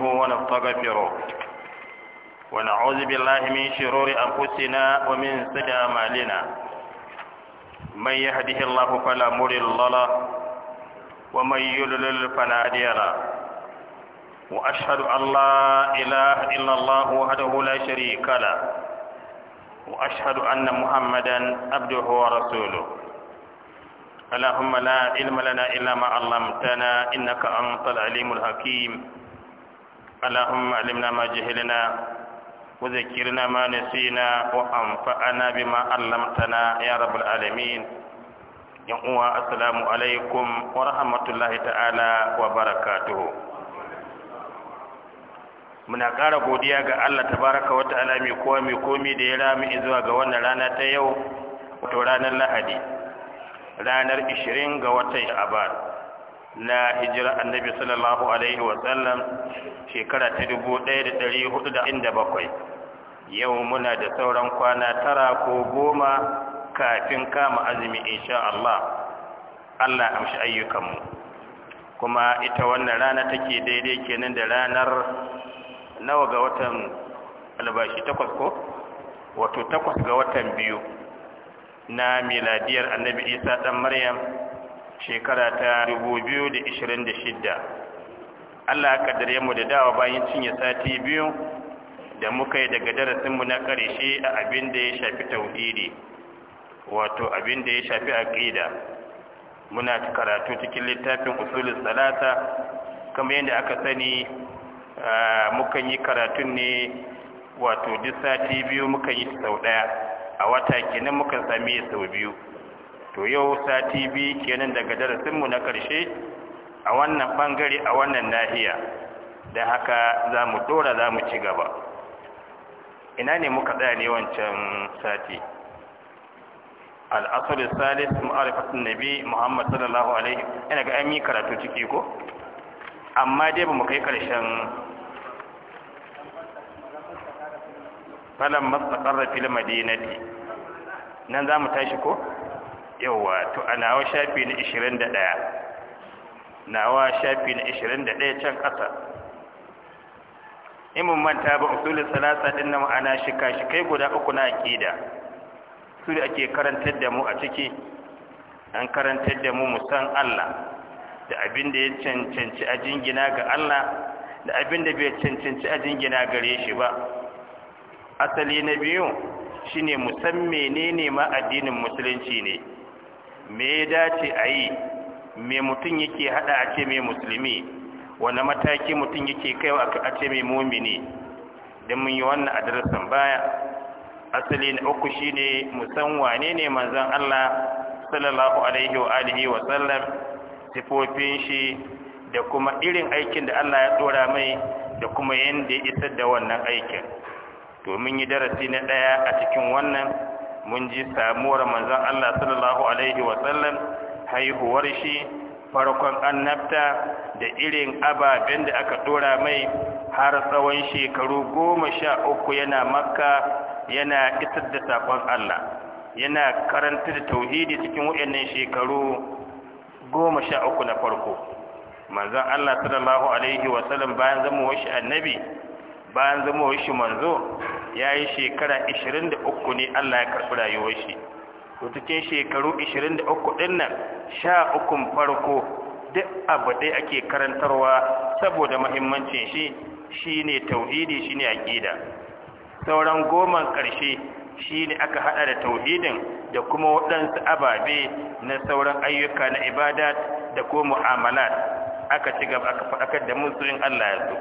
نستعينه ونستغفره ونعوذ بالله من شرور أنفسنا ومن سيئات أعمالنا من يهده الله فلا مضل له ومن يضلل فلا هادي له وأشهد أن لا إله إلا الله وحده لا شريك له وأشهد أن محمدا عبده ورسوله اللهم لا علم لنا إلا ما علمتنا إنك أنت العليم الحكيم اللهم علمنا ما جهلنا وذكرنا ما نسينا وأنفعنا بما علمتنا يا رب العالمين 'asalamu السلام عليكم ورحمة الله تعالى وبركاته muna ƙara godiya ga Allah Ta-baraka wa ta'ala mai kowa mai komi da ya rami zuwa ga wannan rana ta yau wato ranar Lahadi ranar 20 ga watan shabar na hijira annabi sallallahu alaihi wasallam shekara ta dubu ɗaya da ɗari hudu da inda bakwai yau muna da sauran kwana tara ko goma kafin kama azumi insha Allah Allah amshi ayyukanmu kuma ita wannan rana take daidai kenan da ranar nawa ga watan albashi takwas ko wato takwas ga watan biyu na miladiyar annabi isa dan maryam shekara ta 2026 Allah ya dare mu da dawa bayan cinye sati biyu da muka yi daga mu na ƙarshe a abin da ya shafi tauhidi wato abin da ya shafi aqida muna karatu cikin littafin usulul salata kamar yadda aka sani mukan yi karatun ne wato duk sati biyu mukan yi sau ɗaya a wata kenan mukan sami sau biyu to yau sati biyu kenan daga darasinmu na ƙarshe a wannan ɓangare a wannan nahiya da haka za mu ɗora za mu ci gaba ina ne muka tsaya ne wancan sati al'asar salis ma'arifatun nabi muhammad sallallahu alaihi yana ga an yi karatu ciki ko amma dai ba mu kai ƙarshen falon matsakar fil madinati nan za mu tashi ko? yawa to a nawa shafi na 21 nawa shafi na 21 can ƙasa in mun manta ba usulul salasa din na ma'ana shika shi kai guda uku na aƙida. su da ake karantar da mu a ciki an karantar da mu musan Allah da abin da ya cancanci a jingina ga Allah da abin da bai cancanci a jingina gare shi ba asali na biyu shine musan menene ma addinin musulunci ne me ya dace a yi me mutum yake hada a ce mai musulmi wani mataki mutum yake kai a ce mai mumini don mun yi wannan a darasin baya asali na uku shine musan wane ne manzon Allah sallallahu alaihi wa alihi wa sallam sifofin shi da kuma irin aikin da Allah ya dora mai da kuma yadda ya isar da wannan aikin Domin yi darasi na daya a cikin wannan mun ji samuwar manzan Allah sallallahu alaihi wa sallam haihuwar shi farkon annabta da irin ababen da aka dora mai har tsawon shekaru goma sha uku yana makka yana isar da saƙon Allah yana karanta da tauhidi cikin waɗannan shekaru goma sha uku na farko Manzan Allah sallallahu alaihi wasallam bayan zama wasu annabi bayan zama wasu manzo ya yi shekara 23 ne Allah ya karɓi rayuwar shi cikin shekaru 23 ɗin nan sha ukun farko duk abu ɗaya ake karantarwa saboda mahimmancin shi shi ne tauhidi shi ne aƙida sauran goman ƙarshe shi ne aka haɗa da tauhidin da kuma waɗansu ababe na sauran ayyuka na ibada da ko mu'amalat aka ci gaba aka faɗakar da musu in Allah ya zo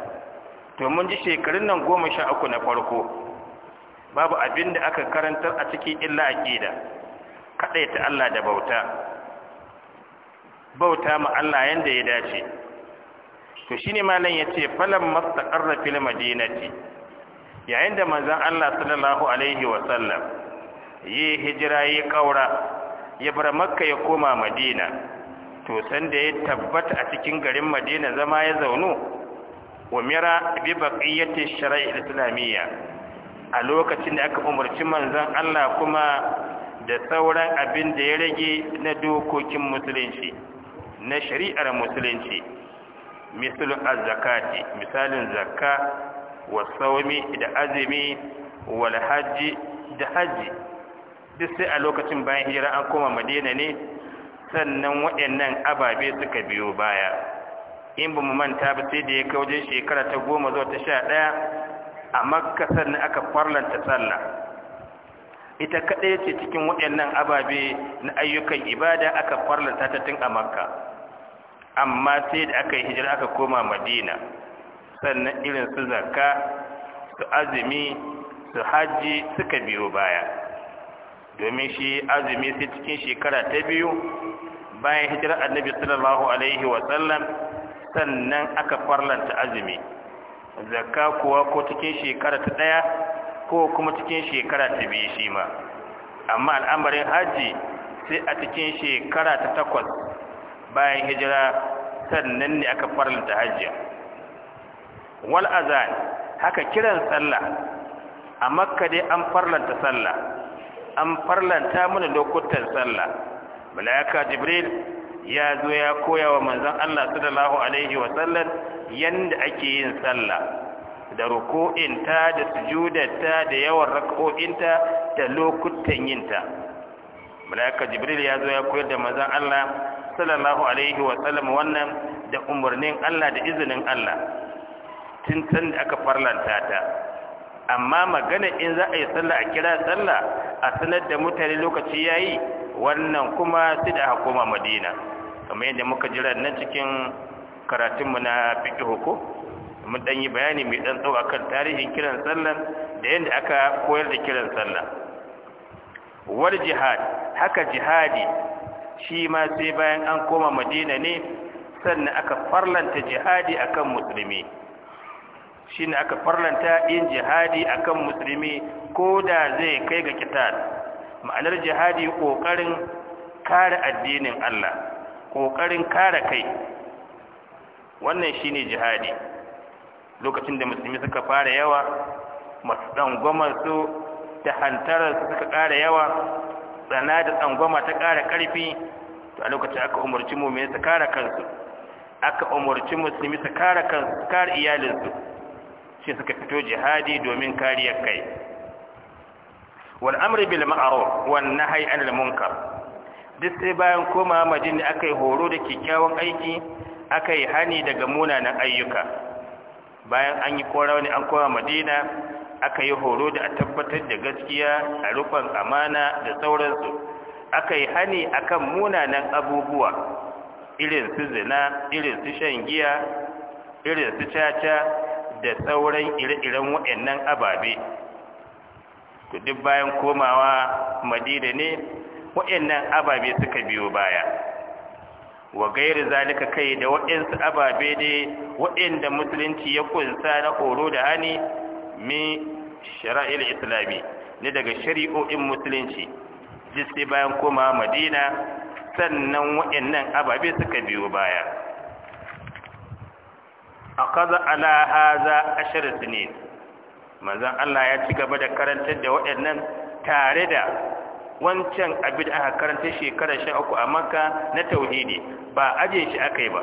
to mun ji shekarun nan goma sha uku na farko babu abin da aka karantar a ciki illa aqida ta Allah da bauta bauta ma Allah yanda ya dace to shine malam yace falam mastaqarra fil madinati yayin da manzan Allah sallallahu alaihi wa sallam yi hijira yi kaura ya bar makka ya koma madina to san da ya tabbata a cikin garin madina zama ya zaunu umira bi baqiyati shar'i islamiyya a lokacin da aka umarci manzan Allah kuma da sauran abin da ya rage na dokokin musulunci na shari'ar musulunci misal zakati misalin zakka wa sawmi da azumi wal hajji da hajji duk sai a lokacin bayan hijira an koma madina ne sannan waɗannan ababe suka biyo baya in ba mu manta ba sai da ya kawo shekara ta goma zuwa ta sha ɗaya a makka sannan aka farlanta sallah ita kaɗai ce cikin waɗannan ababe na ayyukan ibada aka farlanta ta tun a makka amma sai da aka yi hijira aka koma madina sannan irin su zakka su azumi su hajji suka biyo baya domin shi azumi sai cikin shekara ta biyu bayan hijirar annabi sallallahu alaihi wasallam sannan aka farlanta azumi zakka kuwa ko cikin shekara ta ɗaya ko kuma cikin shekara ta biyu shi ma amma al'amarin hajji sai a cikin shekara ta takwas bayan hijira sannan ne aka farlanta hajji wal azan haka kiran sallah a makka dai an farlanta sallah an farlanta mana lokutan sallah mala'ika jibril ya zo ya koya wa manzon Allah sallallahu alaihi wa sallam yanda ake yin sallah da ta da sujudarta da yawan rak'o'inta da lokutan yinta malaka jibril ya zo ya koyar da manzon Allah sallallahu alaihi wa sallam wannan da umarnin Allah da izinin Allah tun san da aka farlanta ta amma magana in za a yi sallah a kira sallah a sanar da mutane lokaci yayi wannan kuma sai da hukuma Madina kamar yadda muka jira nan cikin karatunmu na fiƙi ko mun ɗan yi bayani mai ɗan tsawo akan tarihin kiran sallan da yadda aka koyar da kiran sallah War jihad haka jihadi shi ma sai bayan an koma madina ne sannan aka farlanta jihadi akan musulmi shi ne aka farlanta yin jihadi akan musulmi ko da zai kai ga kitar ma'anar jihadi ƙoƙarin kare addinin Allah ƙoƙarin kare kai wannan shine jihadi lokacin da musulmi suka fara yawa masu tsangwamar su da hantarar su suka ƙara yawa tsana da tsangwama ta ƙara ƙarfi to a lokacin aka umarci mummuni su kare kansu aka umarci musulmi su kare kansu kare iyalinsu shi suka fito jihadi domin kariyar kai wal amri bil ma'ruf wan nahyi anil munkar duk sai bayan koma da aka yi horo da kyakkyawan aiki aka yi hani daga munanan ayyuka bayan an yi kora ne an koma madina aka yi horo da a tabbatar da gaskiya a rufan amana da sauransu aka yi hani akan munanan abubuwa irin su zina irin su shan giya irin su caca da sauran ire-iren waɗannan ababe duk bayan komawa madina ne waɗannan ababe suka biyo baya wa gairi zalika kai da waɗansu ababe ne waɗanda musulunci ya kunsa na horo da hani min shara'il islami ne daga shari'o'in musulunci jisai bayan koma madina sannan waɗannan ababe suka biyo baya a kaza ala haza ashirin sinin manzan Allah ya ci gaba da karantar da waɗannan tare da wancan abin da aka karanta shekarar sha uku a maka na tauhidi ba aje shi aka yi ba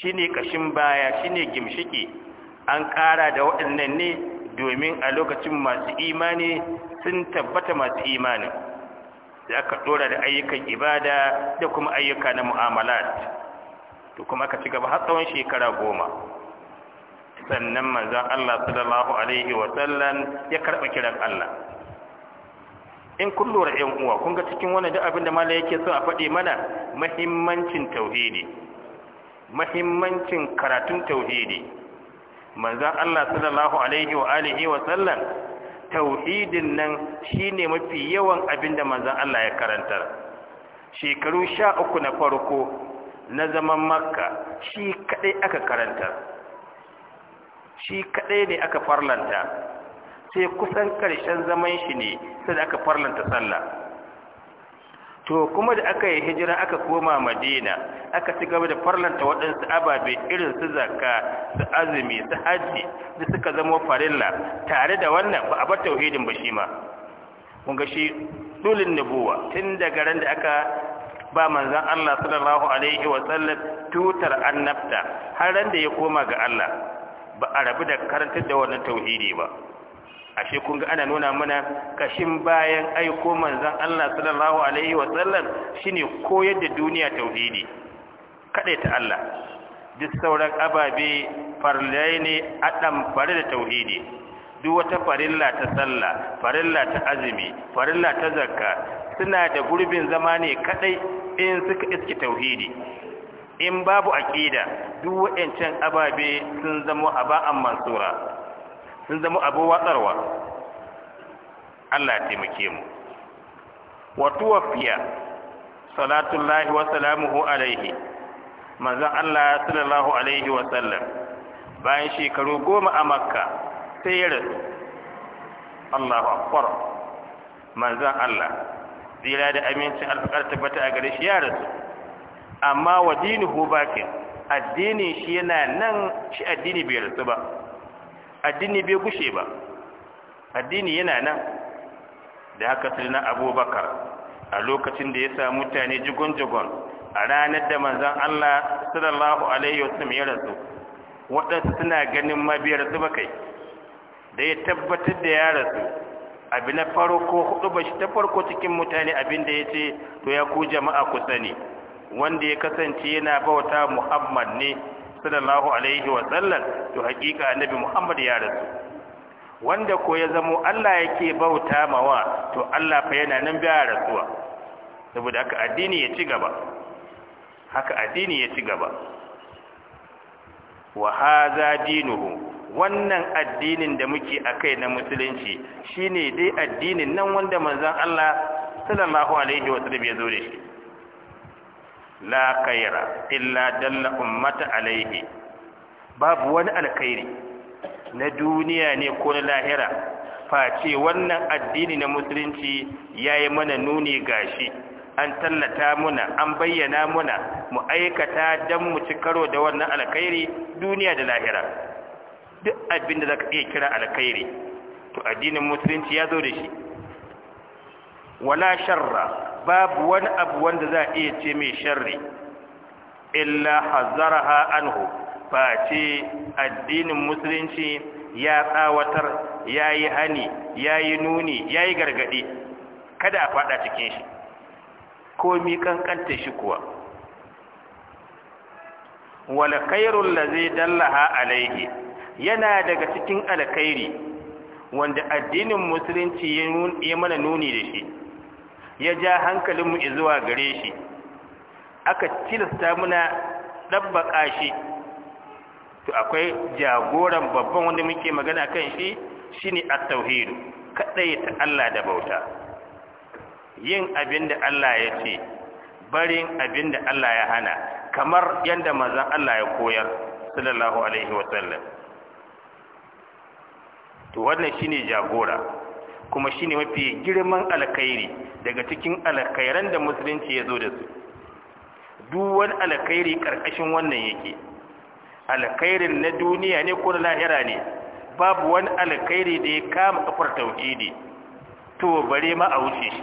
shi ne ƙashin baya shi ne gimshiki an ƙara da waɗannan ne domin a lokacin masu imani sun tabbata masu imanin da aka ɗora da ayyukan ibada da kuma ayyuka na mu'amalat to kuma aka ci gaba har tsawon shekara goma sannan manzan Allah sallallahu alaihi sallam ya karɓa kiran Allah in kun 'yan uwa kun ga cikin wannan duk abin da malai yake so a faɗi mana mahimmancin tauhidi mahimmancin karatun tauhidi manzon Allah sallallahu alaihi wa alihi wa sallam tauhidin nan shine mafi yawan abin da manzon Allah ya karanta shekaru sha uku na farko na zaman makka shi kadai aka karanta shi kadai ne aka farlanta sai kusan ƙarshen zaman shi ne sai aka farlanta sallah to kuma da aka yi hijira aka koma madina aka ci gaba da farlanta waɗansu ababe irin su zakka su azumi su hajji da suka zama farilla tare da wannan ba a bar tauhidin ba shi ma mun ga shi dulin nubuwa tun daga ran da aka ba manzan Allah sallallahu alaihi wa sallam tutar annabta har ran da ya koma ga Allah ba a rabu da karantar da wannan tauhidi ba ashe kun ga ana nuna mana kashin bayan aiko manzon Allah sallallahu alaihi wa sallam shine koyar da duniya tauhidi ta Allah duk sauran ababe farlai ne adam bare da tauhidi duk wata farilla ta sallah farilla ta azumi farilla ta zakka suna da gurbin zama ne kadai in suka iske tauhidi in babu aqida duk wayancan ababe sun zama haba'an mansura sun zama abu watsarwa Allah taimake mu wa Salatu salatullahi wa salamuhu alaihi manzon Allah sallallahu alaihi wa sallam bayan shekaru goma a makka sai ya rasu Allahu akbar manzon Allah tsira da amincin alfakar tabbata a gare shi ya rasu amma wa dinuhu bakin addinin shi yana nan shi addini bai rasu ba addini bai gushe ba addini yana nan da haka sirna abubakar a lokacin da ya sa mutane jigon-jigon a ranar da manzan Allah sallallahu alaihi wasallam ya rasu waɗansu suna ganin mabiyar su bakai da ya tabbatar da ya rasu abu na farko hudu ba shi ta farko cikin mutane abin da ya ce to ya ku jama'a ku sani wanda ya kasance yana bauta muhammad ne sallallahu alaihi wa sallam to hakika annabi Muhammad ya rasu wanda ko ya zamo Allah yake bauta mawa to Allah fa yana nan biya rasuwa saboda haka addini ya ci gaba haka addini ya ci gaba wa hadha dinuhu wannan addinin da muke akai na musulunci shine dai addinin nan wanda manzon Allah sallallahu alaihi wa sallam ya zo da shi la kaira illa dalla ummata alaihi babu wani alkhairi na duniya ne ko na lahira face wannan addini na musulunci yayi mana nuni gashi an tallata muna an bayyana muna mu aikata dan mu ci karo da wannan alkhairi duniya da lahira duk abin da zaka iya kira alkhairi to addinin musulunci ya zo da shi wala sharra babu wani abu wanda za a iya ce mai sharri illa hazaraha anhu face addinin musulunci ya tsawatar ya yi hani ya yi nuni ya yi gargaɗi kada a fada cikin shi komi kankanta shi kuwa Walakairun khairul dallaha alayhi yana daga cikin alkhairi wanda addinin musulunci ya mana nuni da shi ya ja hankalinmu zuwa gare shi aka tilasta muna ɗabbaƙa shi to akwai jagoran babban wanda muke magana kan shi shi ne a tauhid kaɗai ta Allah da bauta yin abin da Allah ya ce barin abin da Allah ya hana kamar yadda mazan Allah ya koyar sallallahu alaihi wa to wannan shi ne jagora kuma shi ne mafi girman alkhairi daga cikin alkhairan da musulunci ya zo da su duk wani alkhairi ƙarƙashin wannan yake alkhairin na duniya ne ko na lahira ne babu wani alkhairi da ya kama ƙafar tauhidi to bare ma a wuce shi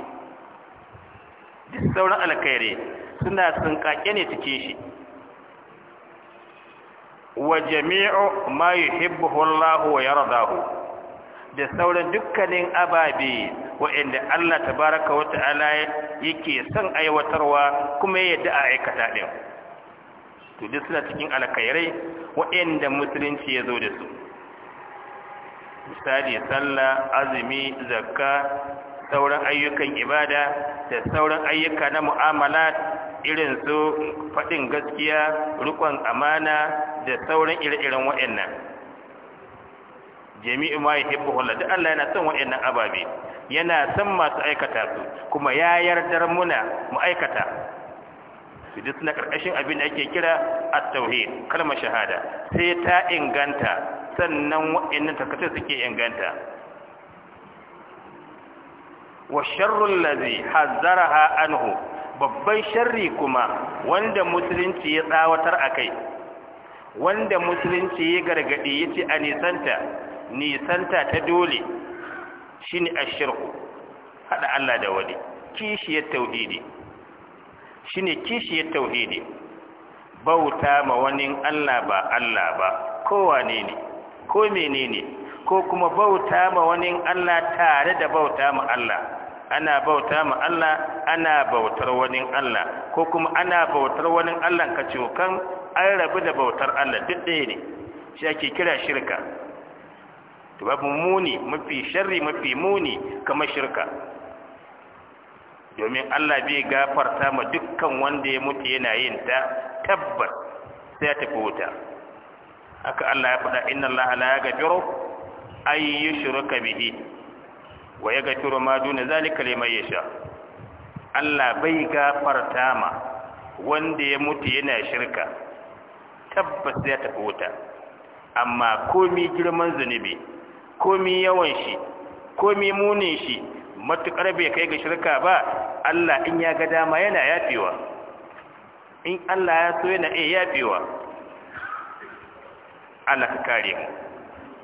duk sauran alkhairi suna tsinkake ne cikin shi wa jami'u ma yuhibbuhu Allah wa yardahu da sauran dukkanin ababe wa'inda Allah tabaraka wa ta'ala yake son aiwatarwa kuma ya yadda a aikata ɗin to duk suna cikin alkhairai wa'inda musulunci ya zo da su misali sallah azumi zakka sauran ayyukan ibada da sauran ayyuka na mu'amala irin su faɗin gaskiya rikon amana da sauran ire-iren waɗannan jami'u ma hibbu Allah duk Allah yana son wa'annan ababe yana son masu aikata su kuma ya yardar muna mu aikata su duk suna karkashin abin da ake kira at-tauhid kalmar shahada sai ta inganta sannan wa'annan takatun suke inganta wa sharrul ladhi hazzaraha anhu babban sharri kuma wanda musulunci ya tsawatar akai wanda musulunci ya gargadi yace a nisanta nisanta ta dole shi ne a shirku Haɗa Allah da wani kishiyar tauhidi Shi ne kishiyar tauhidi bauta ma wani Allah ba Allah ba kowa ne ne ko menene ko kuma bauta ma wani Allah tare da bauta ma Allah ana bauta ma Allah ana bautar wani Allah ko kuma ana bautar wani Allah ka cokan an rabu da bautar Allah duk ɗaya ne shi ake kira shirka to babu muni mafi sharri mafi muni kamar shirka domin Allah bai gafarta ma dukkan wanda ya mutu yana yin ta tabbas sai ya tafi wuta haka Allah ya faɗa inna Allah la yaghfiru ay yushraka bihi wa yaghfiru ma duna zalika liman yasha Allah bai gafarta ma wanda ya mutu yana shirka tabbas ya tafi wuta amma komi girman zunubi komi yawan shi komi munin shi matuƙar bai kai ga shirka ba Allah in ya ga dama yana yafewa in Allah ya so yana iya yafewa Allah ka kare mu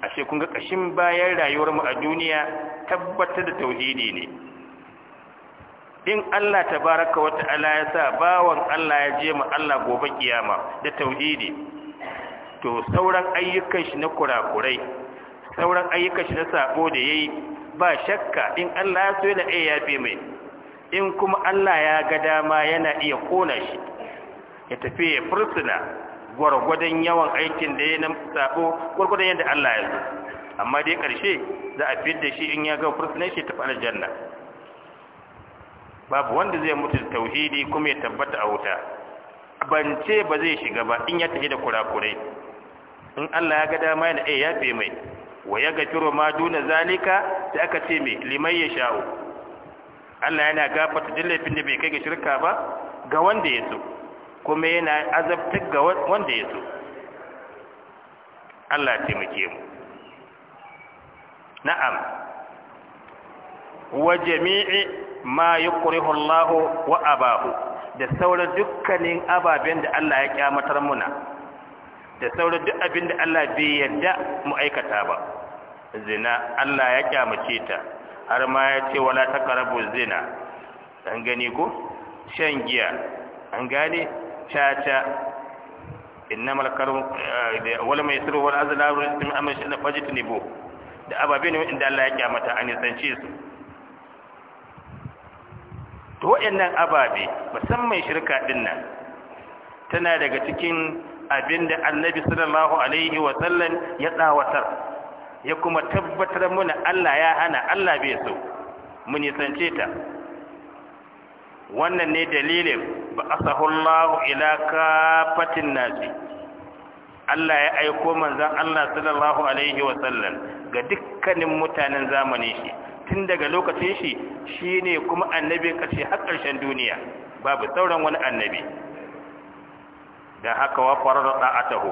ashe kun ga ƙashin bayan rayuwar mu a duniya tabbatar da tauhidi ne in Allah tabaraka wa ta'ala ya sa bawan Allah ya je mu Allah gobe kiyama da tauhidi to sauran ayyukan shi na kurakurai sauran ayyuka shi na sabo da yayi ba shakka in Allah ya so yana iya yafe mai in kuma Allah ya ga dama yana iya kona shi ya tafi ya fursuna gwargwadon yawan aikin da ya na sabo gwargwadon yadda Allah ya so amma dai karshe za a fi da shi in ya ga fursunan shi tafi aljanna babu wanda zai mutu tauhidi kuma ya tabbata a wuta ban ce ba zai shiga ba in ya tafi da kurakurai in Allah ya ga dama yana iya yafe mai wa ya gafiru ma duna zalika da aka ce mai liman ya sha'u Allah yana gafarta duk laifin da bai kai ga shirka ba ga wanda ya so kuma yana azabtar ga wanda ya so Allah ya taimake mu na'am wa jami'i ma yukrihu Allah wa abahu da sauran dukkanin ababen da Allah ya kyamatar muna da sauran duk abin da Allah bai yarda mu aikata ba zina Allah ya kyamace ta har ma ya ce wala taqrabu zina an gani ko shan giya an gane caca innamal karum wala mai sirru eh, wal azlaru ismi amma shi na ne bo da ababe ne inda Allah ya kyamata an nisance su to waɗannan ababe musamman shirka dinnan tana daga cikin Abin da annabi sallallahu alaihi wa sallam ya tsawatar ya kuma tabbatar muna Allah ya hana Allah bai so mu nisance ta wannan ne dalilin ba asahullahu ila kafatin nasi Allah ya aiko manzon Allah sallallahu alaihi wa sallam ga dukkanin mutanen zamanin shi tun daga lokacin shi shine kuma Annabi ƙarshe har ƙarshen duniya babu sauran wani annabi da haka wa farada da'atahu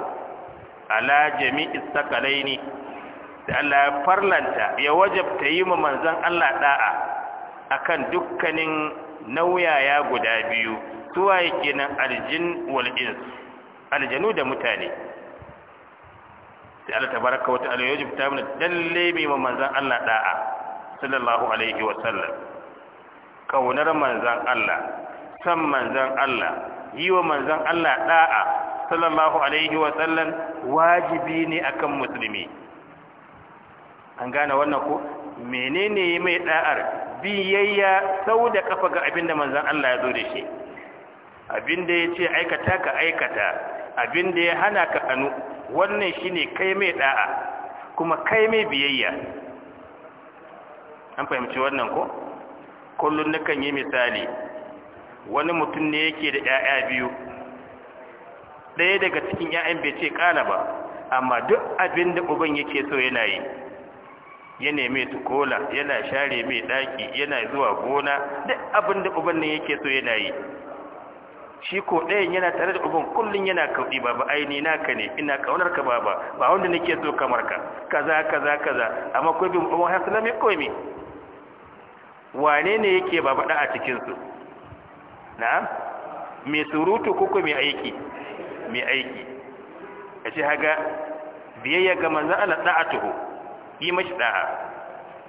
ala jami'i sakalaini da Allah ya farlanta ya wajabta yi ma manzan Allah da'a akan dukkanin nauyaya guda biyu suwaye kenan aljin wal ins aljanu da mutane sai Allah tabaraka wa ta'ala ya wajabta mana dalle mai ma manzan Allah da'a sallallahu alaihi wa sallam kaunar manzan Allah san manzan Allah yi wa manzan Allah ɗa'a, sallallahu alaihi wa wajibi ne a kan musulmi an gane wannan ko menene mai ɗa'ar biyayya sau da kafa ga abinda manzan Allah ya zo da shi abinda ya ce aikata ka aikata abinda ya hana ka kanu wannan shine kai mai ɗa'a kuma kai mai biyayya an fahimci wannan ko na nakan yi misali wani mutum ne yake da 'ya'ya biyu ɗaya daga cikin 'ya'yan bai ce ƙana ba amma duk abin da uban yake so yana yi ya mai tukola yana share mai ɗaki yana zuwa gona duk abin da uban ne yake so yana yi shi ko ɗayan yana tare da uban kullum yana kauɗi ba ba aini naka ne ina ƙaunar ka ba ba ba wanda nake so kamar ka kaza kaza kaza amma ko bin uban hasalami komi wane ne yake ba baɗa a cikinsu na'am mai surutu kuku mai aiki mai aiki ya ce haga biyayya ga manzan Allah tuho. yi mashi da'a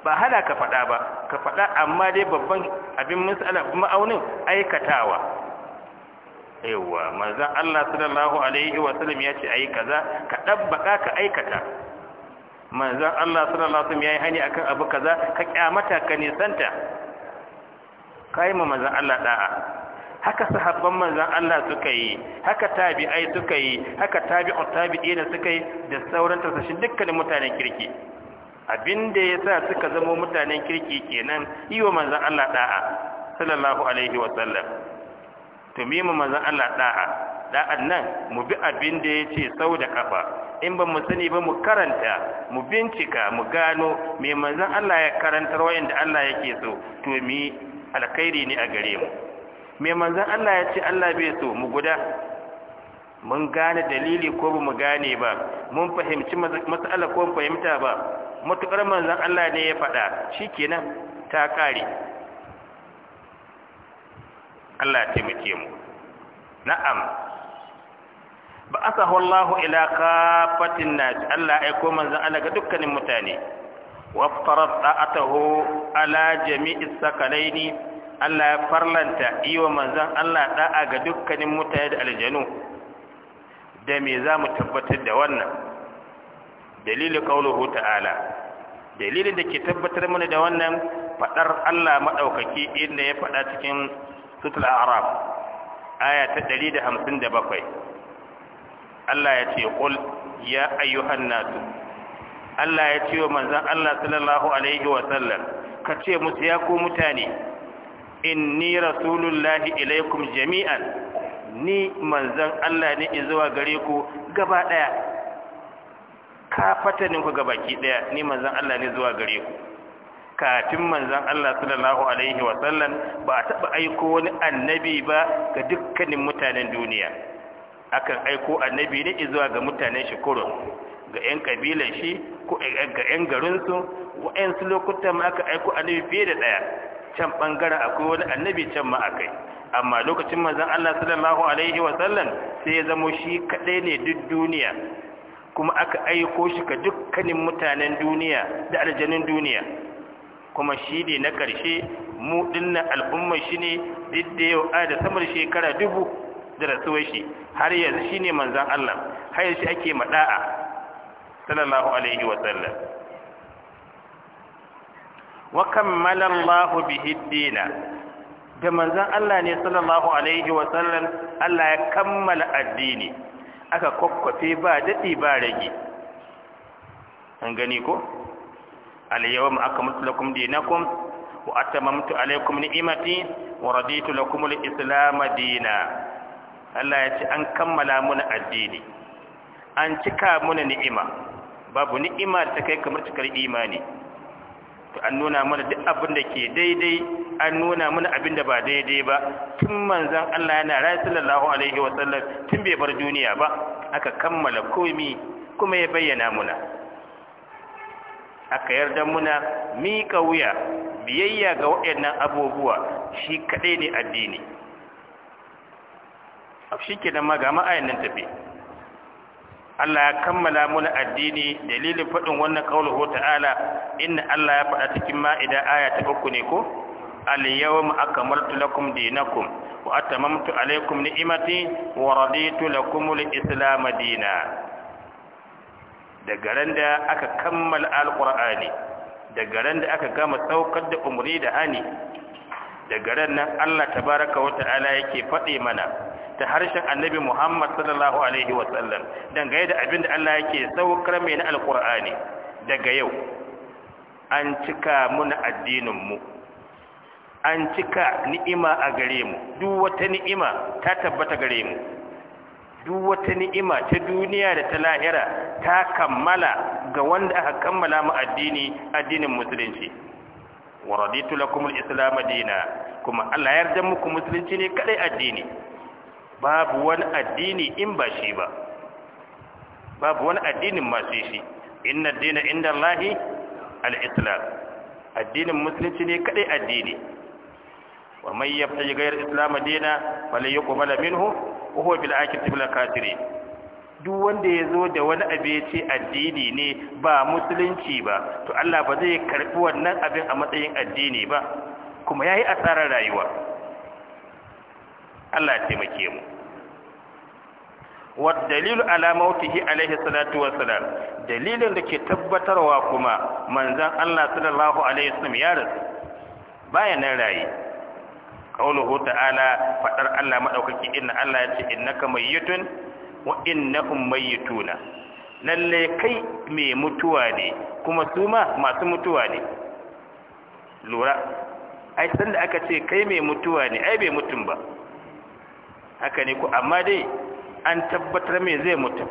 ba hana ka faɗa ba ka faɗa amma dai babban abin misala ma'aunin aikatawa yawa manzan Allah sallallahu alaihi wa sallam ya ce ayi kaza ka dabbaka ka aikata manzan Allah sallallahu alaihi wa sallam yayi hani akan abu kaza ka kyamata ka nisanta kai ma manzan Allah da'a haka sahabban manzan Allah suka yi haka tabi'ai suka yi haka tabi'ut tabi'ina suka yi da sauran tasashin dukkanin mutanen kirki abin da ya suka zama mutanen kirki kenan yi wa manzan Allah da'a sallallahu alaihi wa sallam to mi mu manzan Allah da'a da'an nan mu bi abin da ya sau da kafa in ba mu sani ba mu karanta mu bincika mu gano Me manzan Allah ya karantar wayanda Allah yake so to mi alkhairi ne a gare mu mai manzan Allah ya ce Allah bai so mu guda mun gane dalili ko ba mu gane ba mun fahimci matsala ko fahimta ba matukar manzan Allah ne ya faɗa kenan ta kare Allah ya taimake mu na'am ba asahu Allah ila kafatin nas Allah ya aiko manzan Allah ga dukkanin mutane waftarat atahu ala jami'is sakalaini Allah ya farlanta yi wa manzan Allah da'a ga dukkanin mutane da aljanu da me za mu tabbatar da wannan dalilin kauluhu ta'ala dalilin da ke tabbatar mana da wannan faɗar Allah maɗaukaki inda ya faɗa cikin sutul araf aya ta ɗari da da hamsin bakwai. Allah ya ce qul ya ayyuhan nasu Allah ya ce wa manzan Allah sallallahu alaihi wa sallam ka ce musu ya ku mutane inni rasulullahi ilaikum jami'an ni manzan Allah ne zuwa gare ku gaba daya ka fatanin ku gabaki daya ni manzan Allah ne zuwa gare ku kafin manzan Allah sallallahu alaihi wa sallam ba a taba aiko wani annabi ba ga dukkanin mutanen duniya akan aiko annabi ne zuwa ga mutanen shi kurun ga 'yan kabilar shi ko ga 'yan su wa'ansu lokutan ma aka aiko annabi fiye da ɗaya can bangaren akwai wani annabi can ma kai, amma lokacin manzon Allah sallallahu alaihi wa sallam sai ya zama shi kadai ne duk duniya kuma aka aiko shi ga dukkanin mutanen duniya da aljanin duniya kuma shi ne na ƙarshe mu dinnan al'ummar shi ne duk da yau a da samar shekara dubu da rasuwar shi har yanzu shi ne manzan Allah har yanzu ake maɗa'a sallallahu alaihi wa sallam wa kammala Allahu bihi dina da manzon Allah ne sallallahu alaihi wa sallam Allah ya kammala addini aka kokkofe ba dadi ba rage an gani ko al-yawma akmaltu lakum dinakum wa atamamtu alaykum ni'mati wa raditu lakum al-islam dina Allah ya ce an kammala mun addini an cika mun ni'ima babu ni'ima da ta kai kamar cikar imani to an nuna mana duk abin da ke daidai an nuna mana abin da ba daidai ba tun manzon Allah yana rai sallallahu alaihi wa sallam tun bai bar duniya ba aka kammala komi kuma ya bayyana muna aka yarda muna mika wuya biyayya ga waɗannan abubuwa shi kaɗai ne addini shi ke nan ma ga ma'ayin nan tafi Allah ya kammala muna addini dalilin faɗin wannan kauluhu ta'ala inna Allah ya faɗa cikin ma'ida aya ta uku ne ko al-yawma akmaltu lakum dinakum wa atamamtu alaykum ni'mati wa raditu lakum al-islam dina daga ran da aka kammala al-qur'ani daga ran da aka gama saukar da umri da hani daga ran nan Allah tabaraka wa ta'ala yake faɗi mana da harshen annabi Muhammad sallallahu alaihi wasallam dangane da abin da Allah yake saukar mai na alkur'ani daga yau an cika muna addininmu an cika ni'ima a gare mu duk wata ni'ima ta tabbata gare mu duk wata ni'ima ta duniya da ta lahira ta kammala ga wanda aka kammala mu addini addinin musulunci wa raditu lakum al-islam dina kuma Allah ya yarda muku musulunci ne kadai addini babu wani addini in ba shi ba babu wani addinin masu shi inna dina inda Allahi al-islam addinin musulunci ne kadai addini wa man yabtaji ghayr islam dina fala yuqbal minhu wa huwa bil akhirati bil kafiri duk wanda ya zo da wani abu ya ce addini ne ba musulunci ba to Allah ba zai karbi wannan abin a matsayin addini ba kuma yayi asarar rayuwa Allah taimake mu wa dalilu ala mautihi alaihi salatu wa salam dalilin da ke tabbatarwa kuma manzan Allah sallallahu alaihi wasallam ya rasu bayan nan rayi qauluhu ta'ala fadar Allah madaukaki inna Allah ya ce innaka mayyitun wa innahum mayyituna lalle kai mai mutuwa ne kuma su ma masu mutuwa ne lura ai san da aka ce kai mai mutuwa ne ai bai mutum ba haka ne ku amma dai an tabbatar mai zai mutu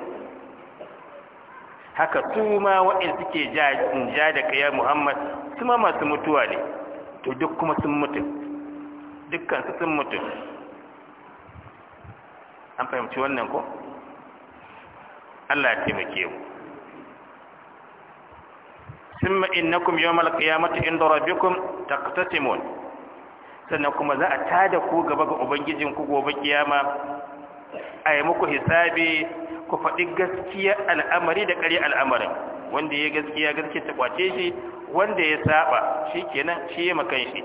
haka su ma wa'in suke ja da kayar muhammad su ma masu mutuwa ne to duk kuma sun mutu dukkan su sun mutu an fahimci wannan ko allah ya taimake mu ثم إنكم يوم القيامة عند ربكم تقتسمون sannan kuma za a tada ku gaba ga ubangijin ku gobe kiyama a yi muku hisabi ku faɗi gaskiya al'amari da ƙarya al'amarin wanda ya gaskiya gaskiya ta kwace shi wanda ya saba shi kenan shi ya makan shi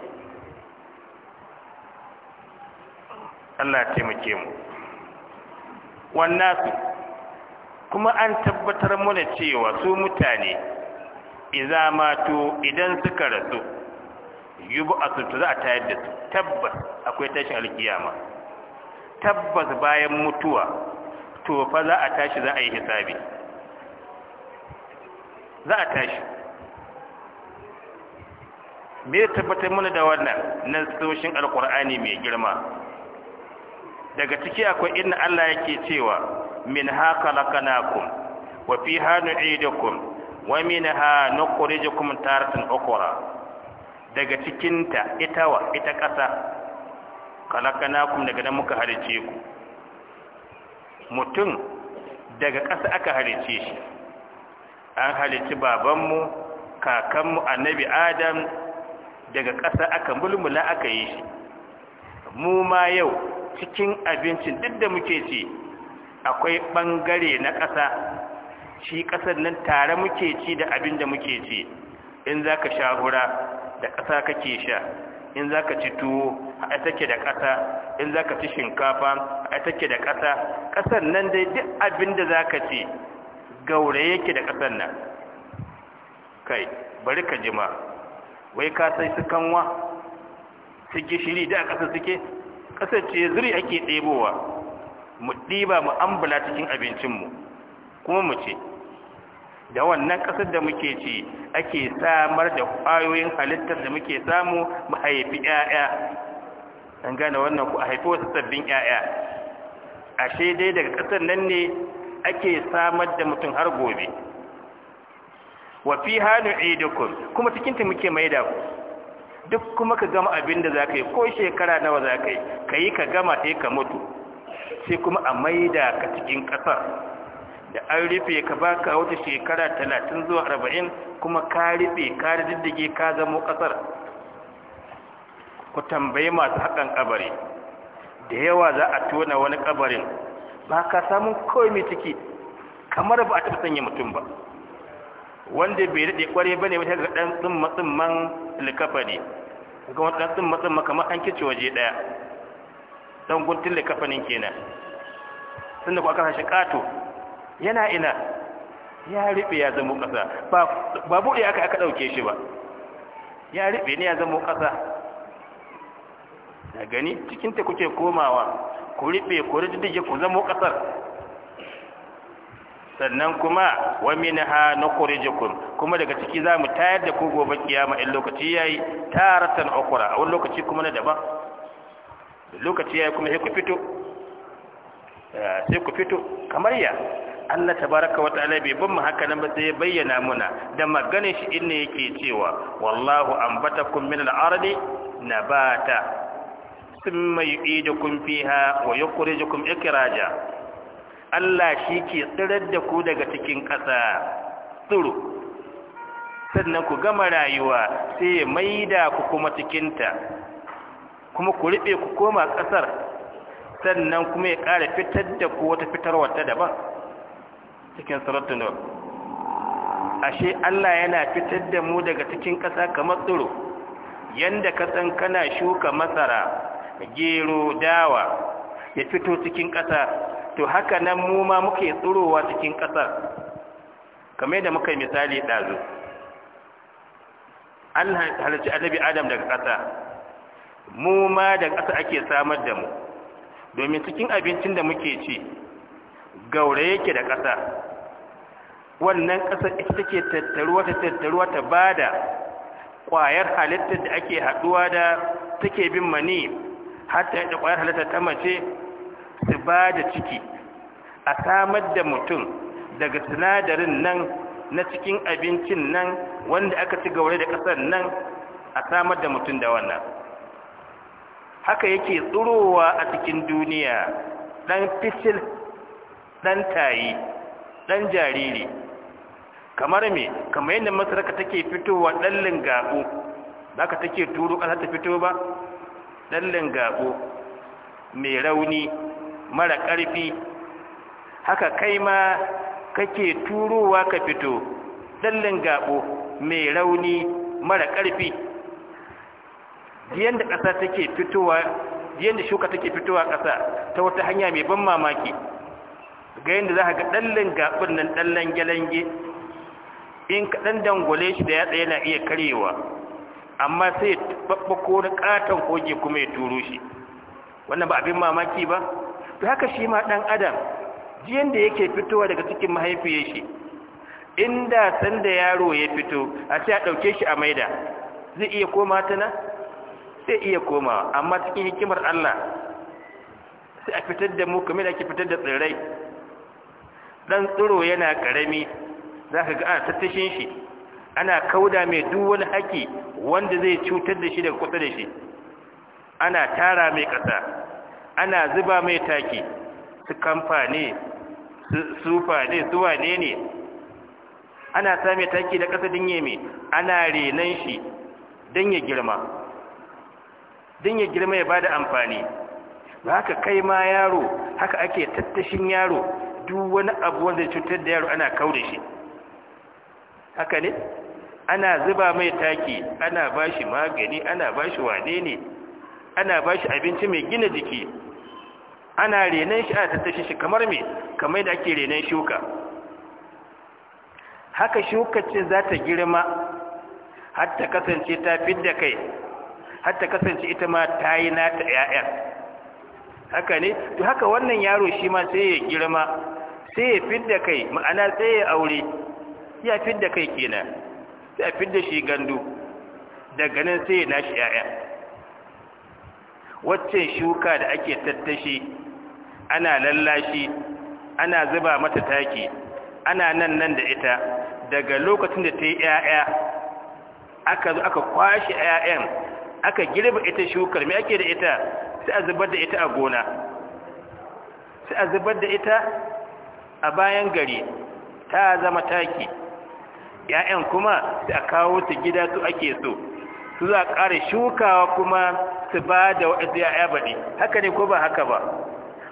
Allah taimake mu wannan kuma an tabbatar mana cewa su mutane idza matu idan suka rasu yubu a to za a tayar da su tabbas akwai tashin alkiyama tabbas bayan mutuwa to fa za a tashi za a yi hisabi za a tashi me tabbatar mana da wannan nasoshin alkur'ani mai girma daga ciki akwai inna Allah yake cewa min haka lakanakum wa fi hanu idakum wa min ha nukhrijukum taratan ukhra daga cikinta wa ita ƙasa kalakanakum daga nan muka halice ku mutum daga ƙasa aka halice shi an halici babanmu kakanmu annabi adam daga ƙasa aka mulmula aka yi shi mu ma yau cikin abincin duk da muke ci akwai ɓangare na ƙasa shi ƙasar nan tare muke ci da abin da muke ci in za ka sha hura da ƙasa kake sha in za ka ci tuwo a take da ƙasa in za ka ci shinkafa a take da ƙasa ƙasar nan dai duk abin da za ka ci gauraye yake da ƙasar nan kai bari ka jima wai ka sai su kanwa su gishiri da a ƙasa suke ƙasar ce zuri ake ɗebowa mu ɗiba mu ambala cikin abincinmu kuma mu ce da wannan ƙasar da muke ci ake samar da ƙwayoyin halittar da muke samu mu haifi ƴaƴa an gane wannan ku a haifi wasu sabbin ƴaƴa ashe dai daga ƙasar nan ne ake samar da mutum har gobe wa fi hanu idukum kuma cikin ta muke maida ku duk kuma ka gama abin da za ka yi ko shekara nawa za ka yi ka yi ka gama sai ka mutu sai kuma a maida ka cikin ƙasar da an rufe ka baka wata shekara talatin zuwa arba'in kuma ka rufe ka diddige ka zamo kasar ku tambayi masu haƙan kabari da yawa za a tona wani kabarin ba ka samun kawai mai ciki kamar ba a taɓa sanya mutum ba wanda bai daɗe ƙware ba ne wata ga ɗan tsumma-tsumman likafa ne ga wata ɗan tsumma-tsumma kamar an kice waje ɗaya ɗan guntun likafanin kenan sun da kwa kasa shi ƙato yana ina ya riɓe ya zama ƙasa ba buɗe aka aka ɗauke shi ba ya riɓe ne ya zama ƙasa da gani cikinta kuke komawa ku riɓe ku riddige ku zama ƙasar sannan kuma wa na nukhrijukum kuma daga ciki za mu tayar da ku gobe kiyama in lokaci yayi taratan ukra a wani lokaci kuma na daban lokaci yayi kuma sai ku fito eh, sai ku fito kamar ya Allah tabaraka wata'ala bai ban mu haka nan ba sai ya bayyana muna da maganar shi inda yake cewa wallahu anbatakum min al-ardi nabata thumma yu'idukum fiha wa yukhrijukum ikraja Allah shi ke tsirar da ku daga cikin ƙasa Tsuru. sannan ku gama rayuwa sai ya maida ku kuma cikinta kuma ku riɓe ku koma ƙasar sannan kuma ya ƙara fitar da ku wata fitarwa ta daban cikin suratun nur ashe Allah yana fitar da mu daga cikin ƙasa kamar tsiro yanda ka san kana shuka masara gero dawa ya fito cikin ƙasa to haka nan mu ma muke tsirowa cikin ƙasar kamar yadda muka misali ɗazu an halarci annabi adam daga ƙasa mu ma daga ƙasa ake samar da mu domin cikin abincin da muke ci gaure yake da ƙasa wannan ƙasar ita take tattaruwa ta tattaruwa ta bada ƙwayar halittar da ake haɗuwa da take bin mani har ta yadda ƙwayar halittar ta mace su ba da ciki a samar da mutum daga sinadarin nan na cikin abincin nan wanda aka ci gaure da ƙasar nan a samar da mutum da wannan haka yake tsurowa a cikin duniya ɗan fitil ɗan tayi ɗan jariri kamar me kamar yadda masaraka take fitowa ɗallin gaɓo ba ka take turo ƙasa ta fito ba ɗallin gaɓo mai rauni mara ƙarfi haka kai ma kake turowa ka fito ɗallin gaɓo mai rauni mara ƙarfi yadda ƙasa take fitowa yadda shuka take fitowa ƙasa ta wata hanya mai ban mamaki ga yadda za ka ga ɗallin gaɓin nan ɗallan gyalange in kaɗan dangwale shi da yatsa yana iya karyewa amma sai ko na katon koge kuma ya turo shi wannan ba abin mamaki ba to haka shi ma ɗan adam jiyan da yake fitowa daga cikin mahaifiyar shi inda sanda yaro ya fito a sai a ɗauke shi a maida zai iya koma ta na? sai iya koma amma cikin hikimar Allah sai a fitar da mu kamar da ake fitar da tsirrai Ɗan tsiro yana ƙarami. za ka ga ana tattashin shi ana kauda mai duk wani haƙi wanda zai cutar da shi daga kusa da shi ana tara mai ƙasa ana zuba mai taki su kamfa ne, sufa ne su ne ne ana sa mai taki da ƙasa dinye mai ana renan shi don ya girma don ya girma ya ba da amfani ba haka kai ma yaro haka ake tattashin yaro duk wani abu wanda cutar da yaro ana kauda da shi haka ne ana zuba mai taki ana bashi magani ana bashi wane ne ana bashi abinci mai gina jiki ana renon shi a tattashi shi kamar mai kamar da ake renon shuka haka shukacin za ta girma har ta kasance ta fidda kai har ta kasance ita ma ta yi nata yaya haka ne to haka wannan yaro shi ma sai ya girma sai ya fidda kai ma'ana sai ya aure ya da kai kenan sai a da shi gandu daga nan sai ya nashi ‘ya'ya waccan shuka da ake tattashi ana lallashi ana zuba mata taki ana nan nan da ita daga lokacin da ta yi ‘ya'ya aka zo aka kwashe ‘ya'yan aka girba ita shukar mai ake da ita sai a zubar da ita a gona sai a zubar da ita a bayan gari ta zama taki 'ya'yan kuma sai a kawo su gida su ake so su za a ƙara shukawa kuma su ba da waɗansu 'ya'ya baɗi haka ne ko ba haka ba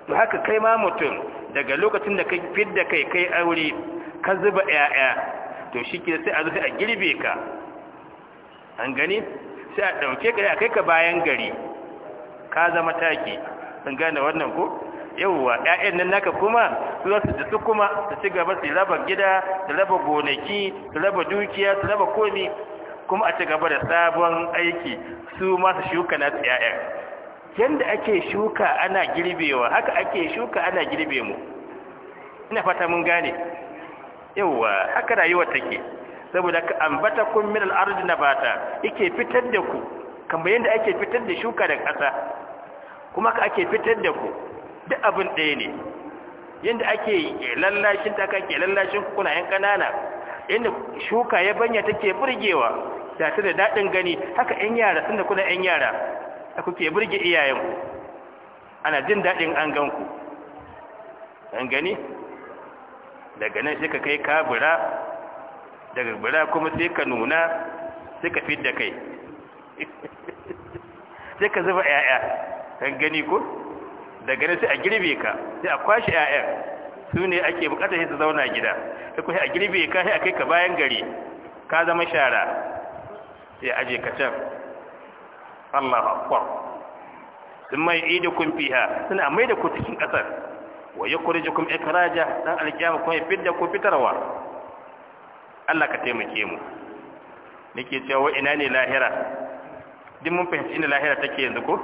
to haka kai ma mutum daga lokacin da kai da kai kai aure ka zuba 'ya'ya to shi ke sai a zo a girbe ka an gani sai a ɗauke ka a kai ka bayan gari ka zama taki an gane wannan ko yawwa ƴaƴan nan naka kuma su za su ji kuma su ci gaba su raba gida su raba gonaki su raba dukiya su raba komi kuma a ci gaba da sabon aiki su ma su shuka na ƴaƴan yanda ake shuka ana girbewa haka ake shuka ana girbe mu ina fata mun gane yawwa haka rayuwa take saboda ka ambata kun min al-ardi nabata yake fitar da ku kamar yanda ake fitar da shuka daga ƙasa kuma ka ake fitar da ku duk abin ɗaya ne yadda ake lallashin ta kake lallashin kuna yan ƙanana inda shuka ya banya take burgewa ta da daɗin gani haka yan yara da kuna yan yara a kuke burge iyayenku ana jin daɗin an ku an gani daga nan sai ka kai ka bura daga bura kuma sai ka nuna sai ka fit da kai sai ka zuba 'ya'ya kan gani ko daga ne sai a girbe ka sai a kwashe ƴaƴan su ne ake bukata sai su zauna gida sai ku sai a girbe ka sai a kai ka bayan gari ka zama shara sai aje ka can Allah akbar sun mai kun fiha suna mai da ku cikin kasar wa yukhrijukum ikraja dan alkiyama kuma fidda ku fitarwa Allah ka taimake mu nake cewa ina ne lahira din mun fahimci ina lahira take yanzu ko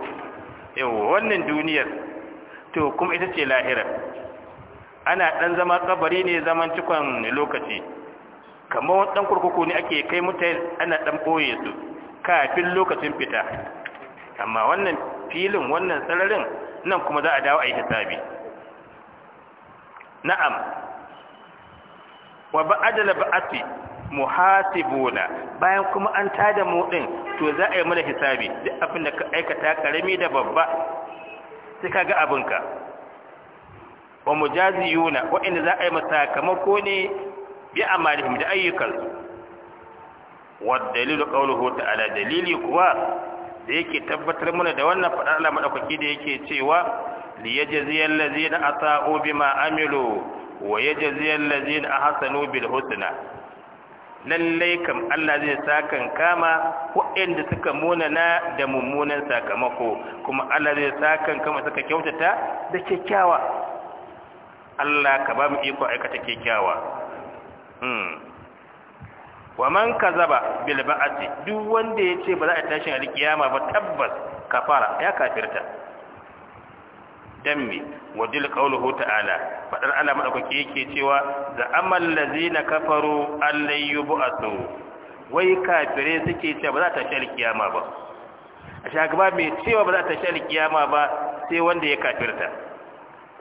yau wannan duniyar to kuma ita ce lahira ana ɗan zama kabari ne zaman cikon lokaci kamar dan kurkuku ne ake kai mutane ana dan boye su kafin lokacin fita amma wannan filin wannan sararin nan kuma za a dawo a yi hisabi na'am wa ba'ada ba'ati muhasibuna bayan kuma an tada mu din to za a yi mana hisabi duk abin da ka aikata karami da babba sai ka ga abinka wa mujaziyuna waɗanda za a yi masa kamako ne bi amalihim da ayyukansu wa dalilu qawluhu ta'ala dalili kuwa da yake tabbatar mana da wannan faɗar Allah madaukaki da yake cewa li yajzi allazina ata'u bima amilu wa yajzi allazina ahsanu bil husna lallai kam Allah zai sakan kama waɗanda suka munana da mummunan sakamako kuma Allah zai sakan kama suka kyautata da kyakkyawa Allah ka ba mu iko aikata kyakkyawa hmm. wa man kazaba bil ba'ati duk wanda yace ba za a tashi kiyama ba tabbas kafara ya kafirta dan me wajil qauluhu ta'ala fadar Allah madaukake yake cewa za amal ladina kafaru allay yub'atu wai kafire suke cewa ba za ta shi alkiyama ba a shagaba mai cewa ba za ta shi alkiyama ba sai wanda ya kafirta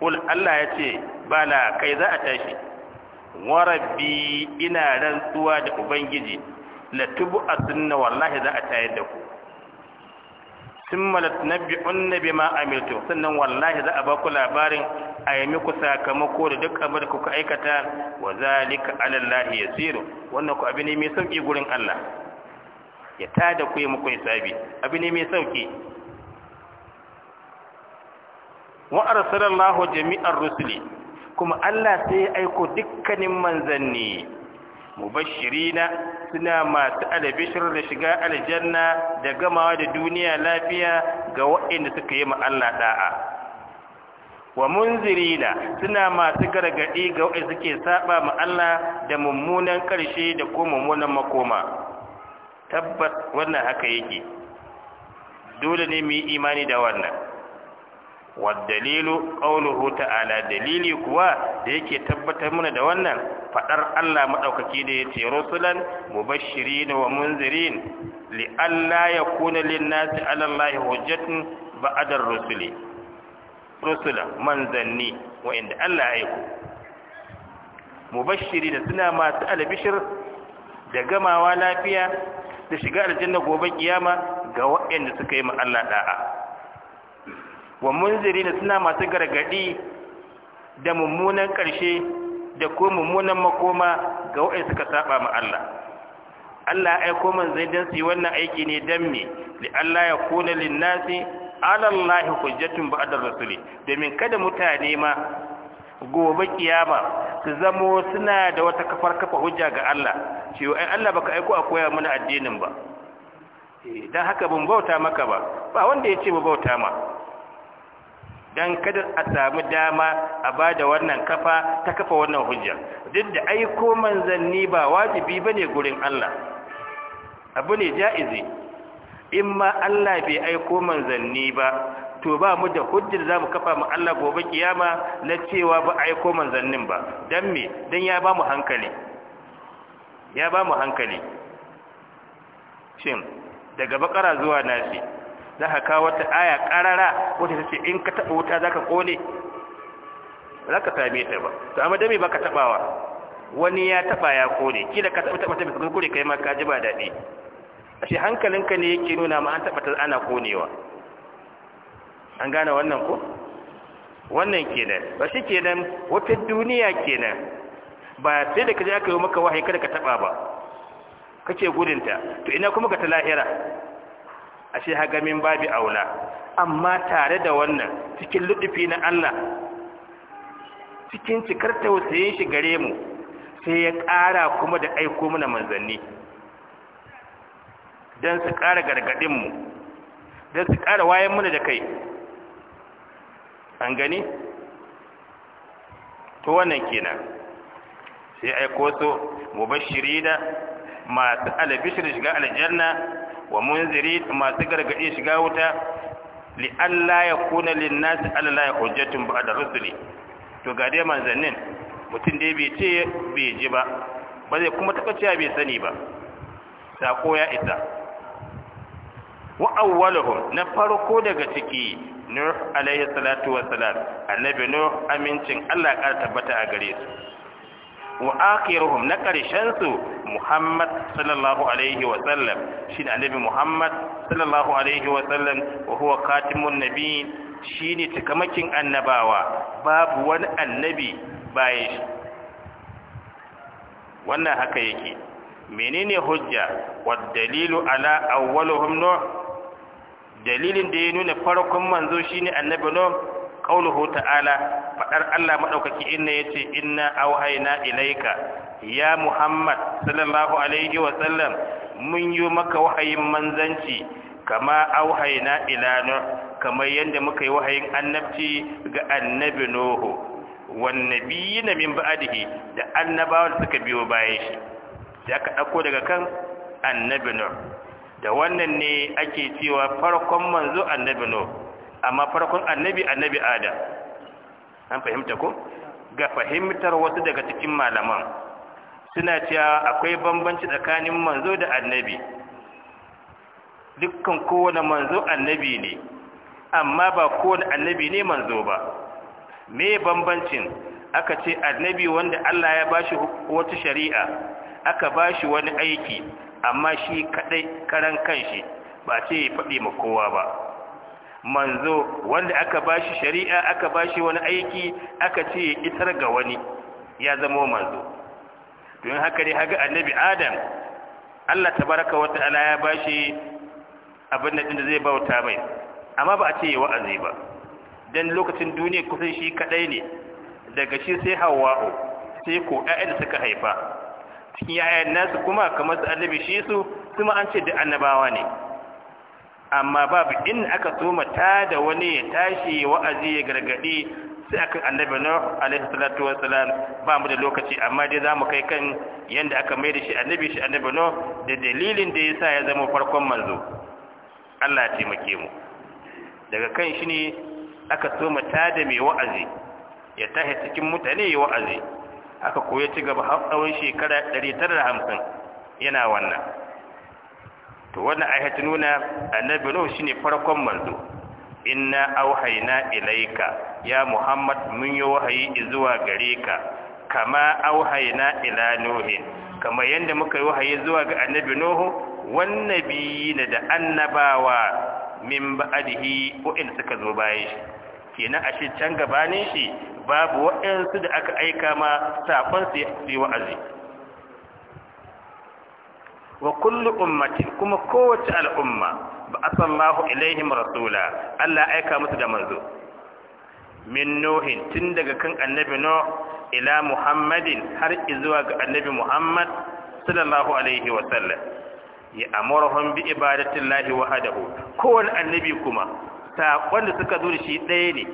kul Allah ya ce bala kai za a tashi wa rabbi ina rantsuwa da ubangiji la asunna wallahi za a tayar da ku thumma latunabbi'unna ma amiltu sannan wallahi za a ba ku labarin a yi muku sakamako da duk abin da kuka aikata wa zalika ala Allah yasiru wannan ku abin ne mai sauki gurin Allah ya tada ku yi muku hisabi abin ne mai sauki wa arsalallahu jami'ar rusuli kuma Allah sai ya aiko dukkanin manzanni mubashirina suna masu alabishir da shiga aljanna da gamawa da duniya lafiya ga waɗanda suka yi ma'alla da'a wa munzirina suna masu gargaɗi ga waɗanda suke saba ma'alla da mummunan ƙarshe da ko mummunan makoma tabbas wannan haka yake dole ne mu yi imani da wannan waddalilu ƙaunuhu ta'ala dalili kuwa da yake tabbatar mana da wannan faɗar Allah maɗaukaki da ya ce rusulan mubashirin wa munzirin li alla yakuna lin nasi ala Allah hujjatun rusuli rusulan manzanni wa'inda Allah ya aiko suna masu albishir da gamawa lafiya da shiga aljanna gobe kiyama ga waɗanda suka yi ma Allah da'a wa munzirina suna masu gargadi da mummunan ƙarshe da ko mummunan makoma ga waɗanda suka saba ma Allah Allah ya aiko zai don su yi wannan aiki ne don me li Allah ya kuna linnasi alallahi hujjatun ba'da rasuli domin kada mutane ma gobe kiyama su zamo suna da wata kafar kafa hujja ga Allah cewa ai Allah baka aiko a koya mana addinin ba eh, dan haka ban bauta maka ba ba wanda ya ce ba bauta ma don kada a samu dama a ba da wannan kafa ta kafa wannan hujjar duk da aiko manzanni ba wajibi ba ne gurin Allah abu ne ja'izi in ma Allah bai aiko manzanni ba to ba mu da hujjar za mu kafa mu Allah gobe kiyama na cewa ba aiko manzannin ba don me don ya ba mu hankali ya ba mu hankali shin daga bakara zuwa nasi za ka kawo wata aya ƙarara wata ta ce in ka taɓa wuta za ka ƙone za ka same ta ba to amma dami ba ka taɓawa wani ya taɓa ya ƙone kila ka taɓa taɓa ta bisa ka kai ma ka ji ba daɗi A ashe hankalinka ne yake nuna ma an taɓa ta ana ƙonewa an gane wannan ko wannan kenan ba shi kenan wata duniya kenan ba sai da ka je aka yi maka wahayi kada ka taɓa ba kake gudunta to ina kuma ka ta lahira ashe hagamin babi aula amma tare da wannan cikin lutufi na Allah cikin cikar tausayin shi gare mu sai ya ƙara kuma da aiko mana manzanni don su ƙara mu don su ƙara wayan mana da kai an gani? to wannan kenan sai aiko su mubashiri da masu alabishir shiga aljanna wa munziri masu gargaɗi shiga wuta li Allah ya kuna linnasi Allah ya hujjatun ba da rusuli to ga dai manzannin mutum dai bai ce bai ji ba ba zai kuma taɓa cewa bai sani ba sako ya isa wa awwaluhum na farko daga ciki nuh alaihi salatu wassalam annabi nuh amincin Allah ya tabbata a gare su wa akhiruhum na karshen su Muhammad sallallahu alaihi wa sallam shine annabi Muhammad sallallahu alaihi wa sallam wa huwa khatimun nabiyyin shine tukamakin annabawa babu wani annabi baya shi wannan haka yake menene hujja wa dalilu ala awwaluhum nuh dalilin da ya nuna farkon manzo shine annabi nuh qauluhu ta'ala fadar Allah madaukaki inna yace inna auhayna ilaika ya Muhammad sallallahu alaihi wa sallam mun yi maka wahayin manzanci kama auhayna ila nuh kamar yanda muka yi wahayin annabci ga annabi nuhu wan nabiyina min ba'dihi da annabawan suka biyo bayan shi da aka dauko daga kan annabi da wannan ne ake cewa farkon manzo annabi nuh amma farkon annabi annabi adam an fahimta ko ga fahimtar wasu daga cikin malaman suna cewa akwai bambanci tsakanin manzo da annabi dukkan kowane manzo annabi ne amma ba kowane annabi ne manzo ba me bambancin aka ce annabi wanda Allah ya bashi wata shari'a aka bashi wani aiki amma shi kadai karan kanshi ba ce ya faɗi ma kowa ba manzo wanda aka bashi shari'a aka bashi wani aiki aka ce isar ga wani ya zama manzo don haka ne haga annabi adam Allah tabaraka wa ta'ala ya bashi abin da zai bauta mai amma ba a ce wa azai ba dan lokacin duniya kusan shi kadai ne daga shi sai hawa'u sai ko ayyan da suka haifa cikin 'ya'yan nasu kuma kamar su annabi shi su kuma an ce da annabawa ne amma babu in aka tuma ta da wani ya tashi wa'azi ya gargaɗi, sai aka annabi nuh alaihi salatu wassalam ba mu da lokaci amma dai zamu kai kan yanda aka mai da shi annabi shi annabi nuh da dalilin da yasa ya zama farkon manzo Allah ya taimake mu daga kan shi ne aka tuma ta da mai wa'azi ya tashi cikin mutane ya wa'azi aka koya ci gaba har tsawon shekara 950 yana wannan to wannan ayat nuna annabi nuhu shine farkon manzo inna auhayna ilaika ya muhammad mun yi wahayi zuwa gare ka kama auhayna ila nuhin kamar yadda muka yi wahayi zuwa ga annabi nuhu na da annabawa min ba'dihi in suka zo bayan shi kenan shi can gaba ne shi babu wa'ansu da aka aika ma sakon su yi wa'azi wa kullu ummatin kuma kowace al'umma ba a asallahu ilaihim rasula Allah aika musu da manzo min nuhin tun daga kan annabi no ila muhammadin har zuwa ga annabi muhammad sallallahu alaihi wa sallam ya amurahum bi ibadatillahi wahdahu kowane annabi kuma ta wanda suka zo da shi ɗaya ne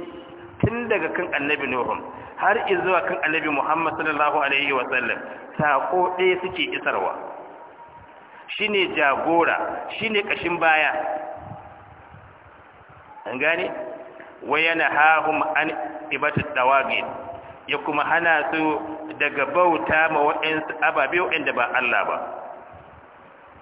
tun daga kan annabi nuhum har zuwa kan annabi muhammad sallallahu alaihi wa sallam ta ko ɗaya suke isarwa shine jagora shine kashin baya an gane yana hahu an ibatu dawagin ya kuma hana su daga bauta ma waɗansu ababe da ba Allah ba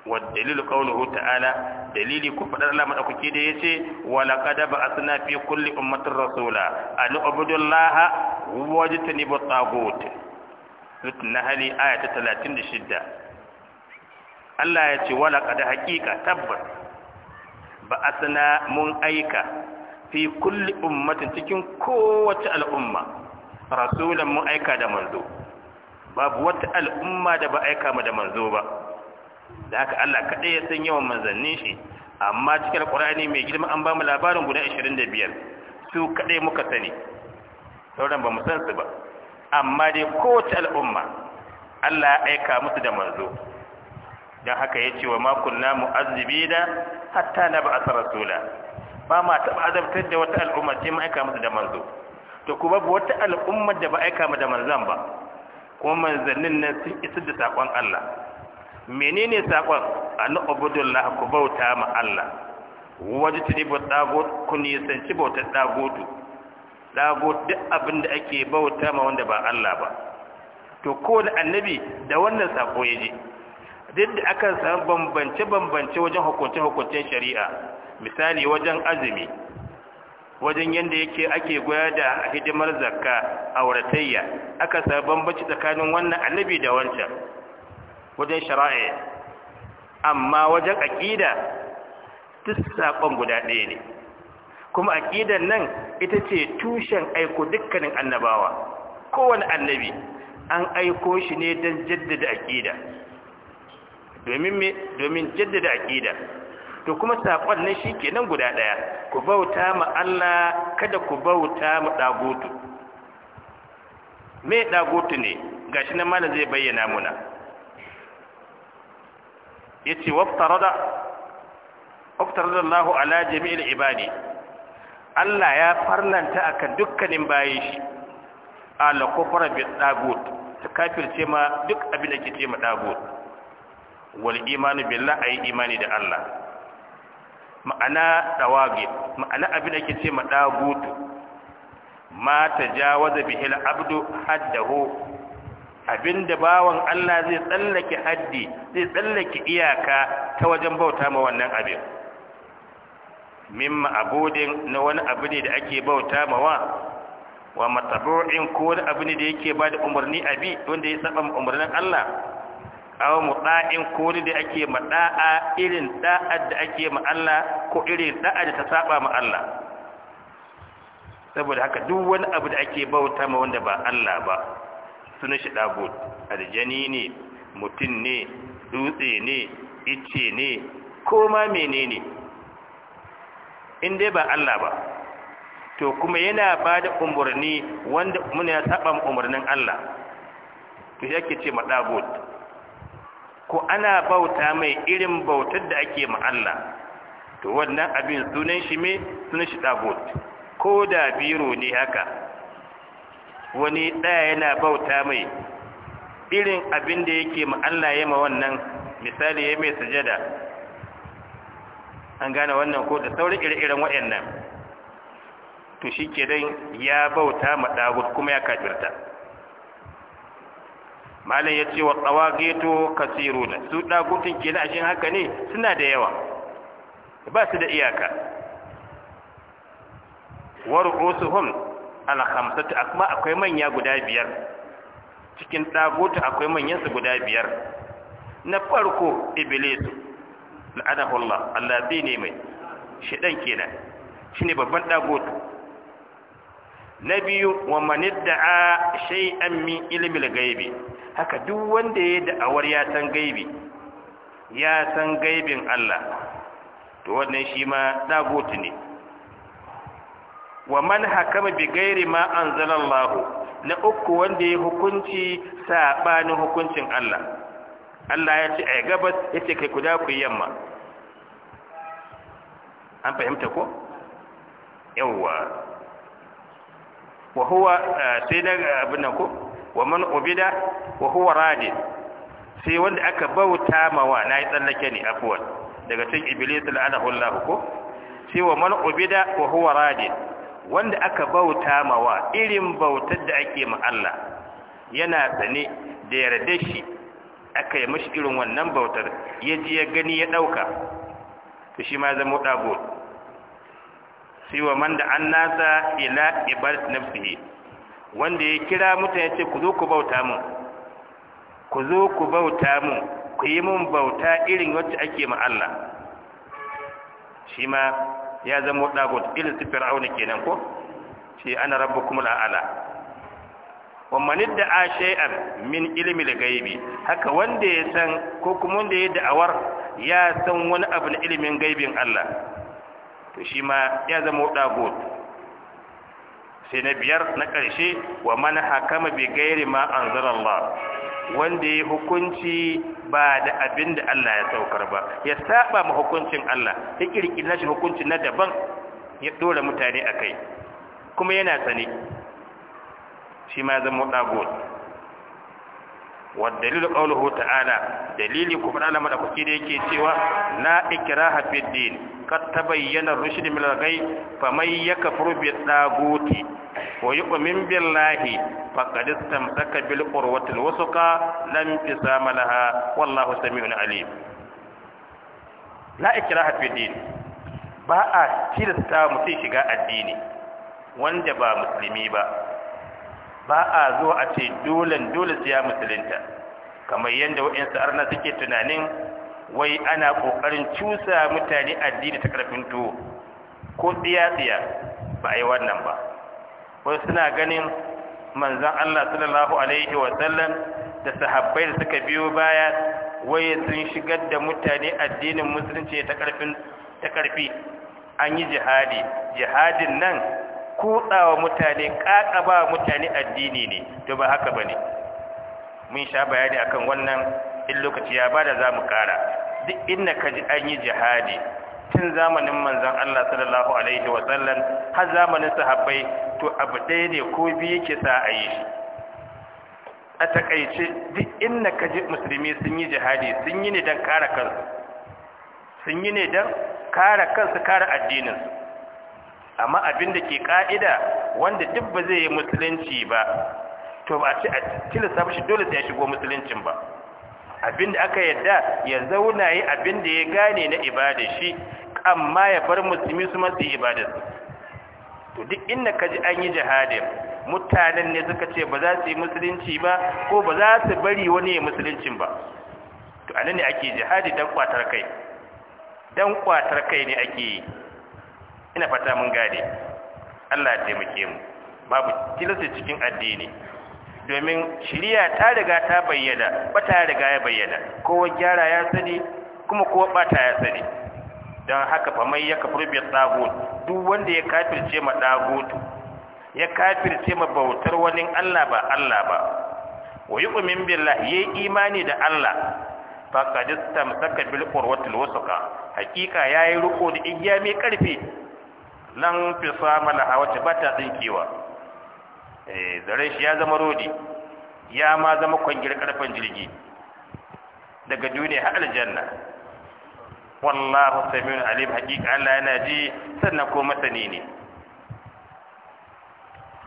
wa dalilu qawluhu ta'ala dalili ku fadar Allah ke da yace wa laqad ba'athna fi kulli ummatin rasula an ubudullaha wajtanibu at-taghut sutun nahl ayat 36 Allah ya ce wala kada haƙiƙa tabbas ba sana mun aika fi kulli ummatin cikin kowace al'umma rasulan mun aika da manzo babu wata al'umma da ba aika mu da manzo ba da haka Allah kaɗai ya san yawan manzannin shi amma cikin alƙur'ani mai girma an ba mu labarin guda 25 su kaɗai muka sani sauran ba mu san su ba amma dai kowace al'umma Allah ya aika musu da manzo don haka ya ce wa makunna mu'azzibi da hatta na ba a rasula ba ma taɓa azabtar da wata al'umma ce ma aika musu da manzo to ku babu wata al'umma da ba aika da manzan ba kuma manzannin nan sun isa da saƙon Allah menene saƙon an ubudullah ku bauta ma Allah waje tuni ba dagot ku nisanci bautar dagotu dagot duk abin da ake bauta ma wanda ba Allah ba to da annabi da wannan saƙo ya je duk da akan samu bambance-bambance wajen hukunce hukuncin shari'a misali wajen azumi wajen yadda yake ake goya da hidimar zakka auratayya aka samu bambanci tsakanin wannan annabi da wancan wajen shari'a amma wajen aƙida duk saƙon guda ɗaya ne kuma aƙidan nan ita ce tushen aiko dukkanin annabawa kowane annabi an aiko shi ne don jaddada aƙida domin me domin jaddada aqida to kuma sakon nan kenan guda daya ku bauta ma Allah kada ku bauta mu ɗagotu. me ɗagotu ne gashi nan malam zai bayyana muna yace waftarada waftarada Allahu ala jami'il ibadi Allah ya farlanta kan dukkanin bayin shi ala kufra bi dagut ta kafirce ma duk abin da ke ma ɗagotu. wal imani billah ayi imani da Allah ma'ana tawagi? ma'ana abin da yake ce ma dagutu ma tajawaza bihil abdu haddahu abinda bawan Allah zai tsallake haddi zai tsallake iyaka ta wajen bauta ma wannan abin mimma abudin na wani abu ne da ake bauta ma wa wa matabu'in ko wani abu ne da yake ba da umarni abi wanda ya saba umarnin Allah mu ɗa’in ko da ake ma ɗa’a irin ɗa’a da ake ma Allah ko irin ɗa’a da ta saba ma Allah saboda haka duk wani abu da ake bauta ma wanda ba Allah ba suna shi dagut aljani ne mutum ne dutse ne ice ne ko ma menene in dai ba Allah ba to kuma yana ba da umarni wanda muna ya saba umarnin Allah to yake ce ma dagut ko ana bauta mai irin bautar da ake ma Allah to wannan abin sunan shi me sunan shi dagot ko da biro ne haka wani ɗaya yana bauta mai irin abin da yake ma Allah ya ma wannan misali ya mai sujada an gane wannan ko da sauran ire-iren waɗannan to shi ke ya bauta ma dagot kuma ya kafirta malam ya ce wa geto kasiru da su ɗagutun ke na ashin haka ne suna da yawa ba su da iyaka war osuhun alhamsatu kuma akwai manya guda biyar cikin ɗagutun akwai manyansu guda biyar na farko ibilisu la'anahullah allah zai ne mai shiɗan kenan shi ne babban ɗagutun na biyu wa manidda a shai'an min ilimin gaibi haka duk wanda ya yi da'awar ya san gaibi ya san gaibin Allah to wannan shi ma dagutu ne wa man hakama bi gairi ma Allah na uku wanda ya hukunci sabanin hukuncin Allah Allah ya ce ai gabas yace kai da ku yamma an fahimta ko yawwa wa huwa eh, sai da abin nan ko wa man ubida wa huwa radin sai wanda aka bauta mawa nayi tsallake ne afwan daga cikin iblis la'anahu Allah ko sai wa man ubida wa huwa radin wanda aka bauta mawa irin bautar da ake ma Allah yana tsane da yarda shi aka yi mashi irin wannan bautar ya ji ya gani ya ɗauka to shi ma zama ɗago sai wa man da an nasa ila ibadat nafsihi wanda ya kira mutane ya ce ku zo ku bauta mun ku zo ku bauta mun ku yi mun bauta irin wacce ake ma Allah shi ma ya zama dagot irin su fir'auna kenan ko shi ana rabbukum al'ala wa man da'a shay'an min ilmi al-ghaibi haka wanda ya san ko kuma wanda ya da'awar ya san wani abu na ilimin gaibin Allah to shi ma ya zama dagot sai na biyar na ƙarshe wa man hakama bi gairi ma allah wanda ya hukunci ba da abin da Allah ya saukar ba ya saba ma hukuncin Allah ya kirkira shi hukunci na daban ya dora mutane a kai kuma yana sane shi ma zama ɗago. والدليل قوله تعالى دليل كفر على من أكيد يكتوى لا إكراه في الدين قد تبين الرشد من الغي فمن يكفر بالطاغوت ويؤمن بالله فقد استمسك بالقروة الوثقى لا انقسام لها والله سميع عليم لا إكراه في الدين ba a tilasta mutum shiga addini wanda ba musulmi ba ba a zo a ce dolen dole siya musulunta kamar yadda wa'insu arna suke tunanin wai ana ƙoƙarin cusa mutane addini ta ƙarfin tuwo ko tsiya-tsiya ba a yi wannan ba wai suna ganin manzan Allah sallallahu alaihi wasallam da sahabbai da suka biyo baya wai sun shigar da mutane addinin musulunci ta ƙarfi an yi jihadi jihadin nan kutsawa mutane ƙaƙaba mutane addini ne to ba haka ba ne mun sha bayani akan wannan in lokaci ya bada za mu ƙara duk inda ka ji an yi jihadi tun zamanin manzon Allah sallallahu alaihi wa sallam har zamanin sahabbai to abu ɗaya ne ko biyu yake sa a yi shi a takaice duk inda ka ji musulmi sun yi jihadi sun yi ne don kare kansu sun yi ne don kare kansu kare addininsu amma abin da ke ka'ida wanda duk ba zai yi musulunci ba to ba ce a tilasta shi dole sai ya shigo musuluncin ba abin da aka yadda ya zauna yi abin da ya gane na ibada shi amma ya bar musulmi su masu ibadar to duk inda ka ji an yi jihadin mutanen ne suka ce ba za su yi musulunci ba ko ba za su bari wani ya musuluncin ba to anan ne ake jihadi dan kwatar kai dan kwatar kai ne ake yi ina fata mun gane Allah ya taimake mu babu tilasta cikin addini domin shiriya ta riga ta bayyana ba ta riga ya bayyana kowa gyara ya sani kuma kowa bata ya sani don haka fa mai ya kafir bi duk wanda ya kafirce ma tagut ya kafirce ma bautar wani Allah ba Allah ba wa yu'min billahi yayi imani da Allah faqad istamsaka bil qurwatil hakika yayi ruko da igiya mai karfi lan fi sama laha wacce ba ta tsinkewa zare eh, shi ya zama rodi ya ma zama kwangir karfin jirgi daga duniya har aljanna wallahu samiun alim hakika Allah yana ji sannan ko masani ne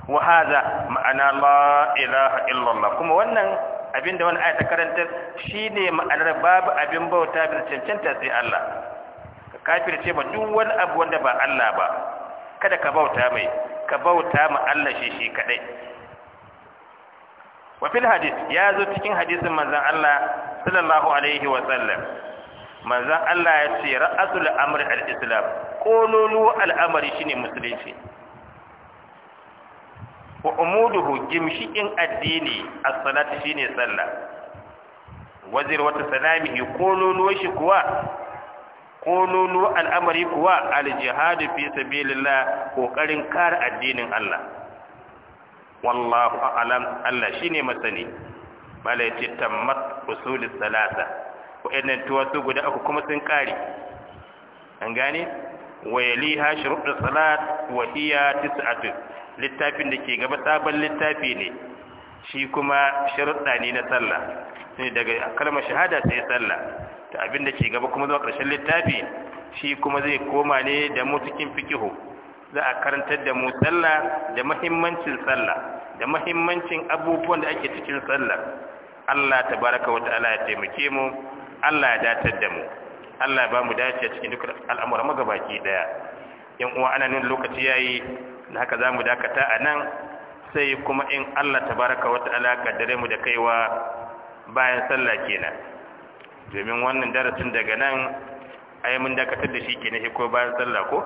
wa ma'ana la ilaha illallah kuma wannan abinda wannan ayata karanta shine ma'anar babu abin bauta bisa cancanta sai Allah kafir ce ba duk wani abu wanda ba Allah ba kada ka bauta mai ka bauta ma Allah shi shi kadai wa Hadis ya zo cikin hadisin Manzan Allah sallallahu alaihi wa sallam manzon Allah ya ce ra'asul amri al-islam kololu al'amari shi ne musulunci wa umuduhu gimshikin addini as-salatu shine sallah wazir wata sanami kololuwa shi kuwa kololo al'amari kuwa aljihadu fi sabilillah kokarin kare addinin Allah wallahu a'lam Allah shine masani mala tammat usul salasa wa'annan tuwasu guda uku kuma sun kare an gane wayaliha shuruɗu salat wa hiya tis'atu littafin da ke gaba sabon littafi ne shi kuma sharuɗa ne na sallah ne daga kalmar shahada sai sallah da abin da ke gaba kuma zuwa ƙarshen littafi shi kuma zai koma ne da mu cikin fikihu za a karantar da mu sallah da mahimmancin sallah da muhimmancin abubuwan da ake cikin sallah Allah tabaraka wata'ala ya taimake mu Allah ya datar da mu Allah ba mu dace cikin dukkan al'amuran magabaki daya yan uwa ana nan lokaci yayi da haka za mu dakata a nan sai kuma in Allah ta baraka tabaraka wata'ala kaddare mu da kaiwa bayan sallah kenan domin wannan darasin daga nan ai mun dakatar da shi ke nashi ko bayan sallah ko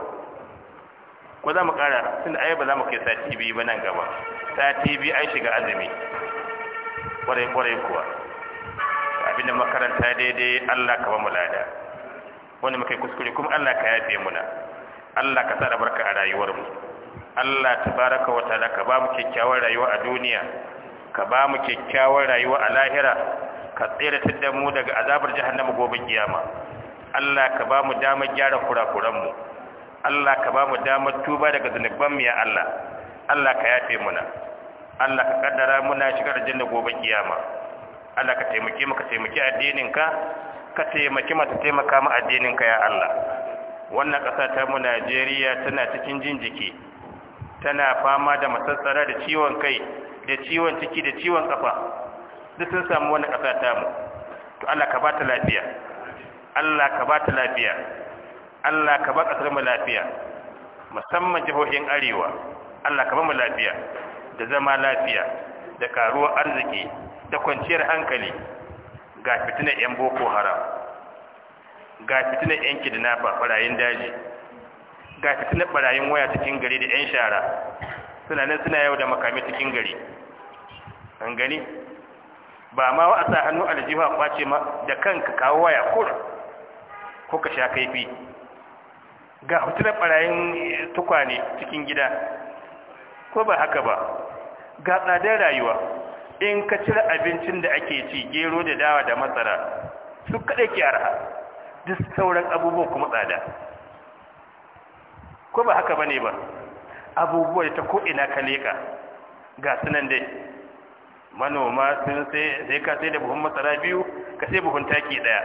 ko za mu kara tun ai ba za mu kai sati biyu ba nan gaba sati biyu ai shiga azumi kwarai kwarai kuwa abinda makaranta daidai Allah ka ba mu lada Wani muka yi kuskure kuma Allah ka yafe muna Allah ka sa barka a rayuwar mu Allah baraka wa ta'ala ka ba mu kyakkyawar rayuwa a duniya ka ba mu kyakkyawar rayuwa a lahira ka tseratar da mu daga azabar jahannama gobe kiyama Allah ka ba mu damar gyara kurakuran mu Allah ka ba mu damar tuba daga zunuban mu ya Allah Allah ka yafe muna Allah ka kaddara muna shiga aljanna gobe kiyama Allah ka taimake mu ka taimaki addinin ka ka taimaki mata taimaka mu addinin ka ya Allah wannan ƙasa ta mu Najeriya tana cikin jinjiki. tana fama da matsatsara da ciwon kai da ciwon ciki da ciwon kafa duk sun samu wani ƙasa tamu to Allah ka ba ta lafiya Allah ka ba ta lafiya Allah ka ba ƙasar mu lafiya musamman jihohin arewa Allah ka ba mu lafiya da zama lafiya da karuwar arziki da kwanciyar hankali ga fitinar 'yan boko haram ga fitinar 'yan kidnapper barayin daji ga fitinar barayin waya cikin gari da 'yan shara suna nan suna yau da makami cikin gari an gani ba ma wa a sa hannu aljiha kwace ma da kanka kawo waya kur ko ka sha kaifi ga hutunan barayin eh, tukwane cikin gida ko ba haka ba ga tsadar rayuwa in ka cire abincin da ake ci gero da dawa da matsara su kaɗai ke arha duk sauran abubuwan kuma tsada ko ba haka ba ne ba abubuwa ta ko'ina ka leka ga sunan dai manoma sun sai ka sai da buhun masara biyu ka sai buhun taki daya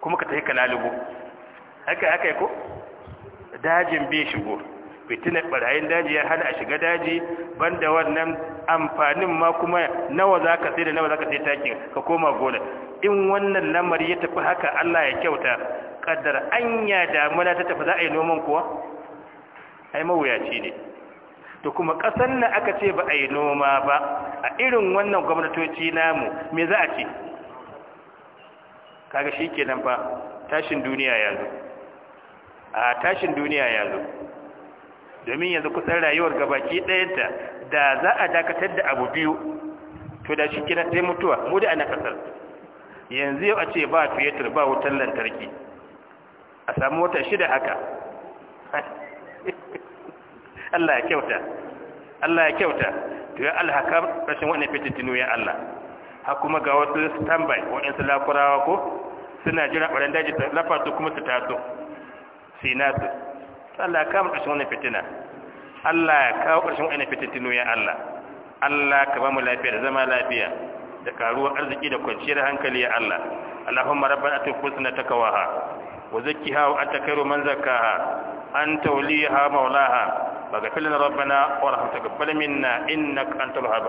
kuma ka tafi kalalubu haka haka ko dajin bai shigo fitinar barayin daji ya hana a shiga daji banda wannan amfanin ma kuma nawa za ka sai da nawa za ka sai takin ka koma gona in wannan lamari ya tafi haka Allah ya kyauta kaddar anya damuna ta tafi za a yi noman kuwa ai mawuyaci ne to kuma ƙasar nan aka ce ba a yi noma ba a irin wannan gwamnatoci namu me za a ce kaga shi ke nan ba, tashin duniya ya zo a tashin duniya ya zo domin yanzu kusan rayuwar gabaki ɗayanta da za a dakatar da abu biyu to da shi nan sai mutuwa mu da ana kasar yanzu yau a ce ba fetur ba wutar lantarki a samu wata shida haka Allah ya kyauta Allah ya kyauta to ya alhaka rashin wannan fitintinu ya Allah ha kuma ga wasu standby waɗansu lakurawa ko suna jira ɓarin daji ta lafa su kuma su taso su nasu Allah ya kama ƙarshen wannan fitina Allah ya kawo ƙarshen wannan fitintinu ya Allah Allah ka ba mu lafiya da zama lafiya da karuwar arziki da kwanciyar hankali ya Allah Allahumma rabbana atina husna takawaha wa zakkiha wa anta khairu man zakkaha أنت وليها مولاها فاغفر لنا ربنا ورحمتك فلمنا منا إنك أنت الوهاب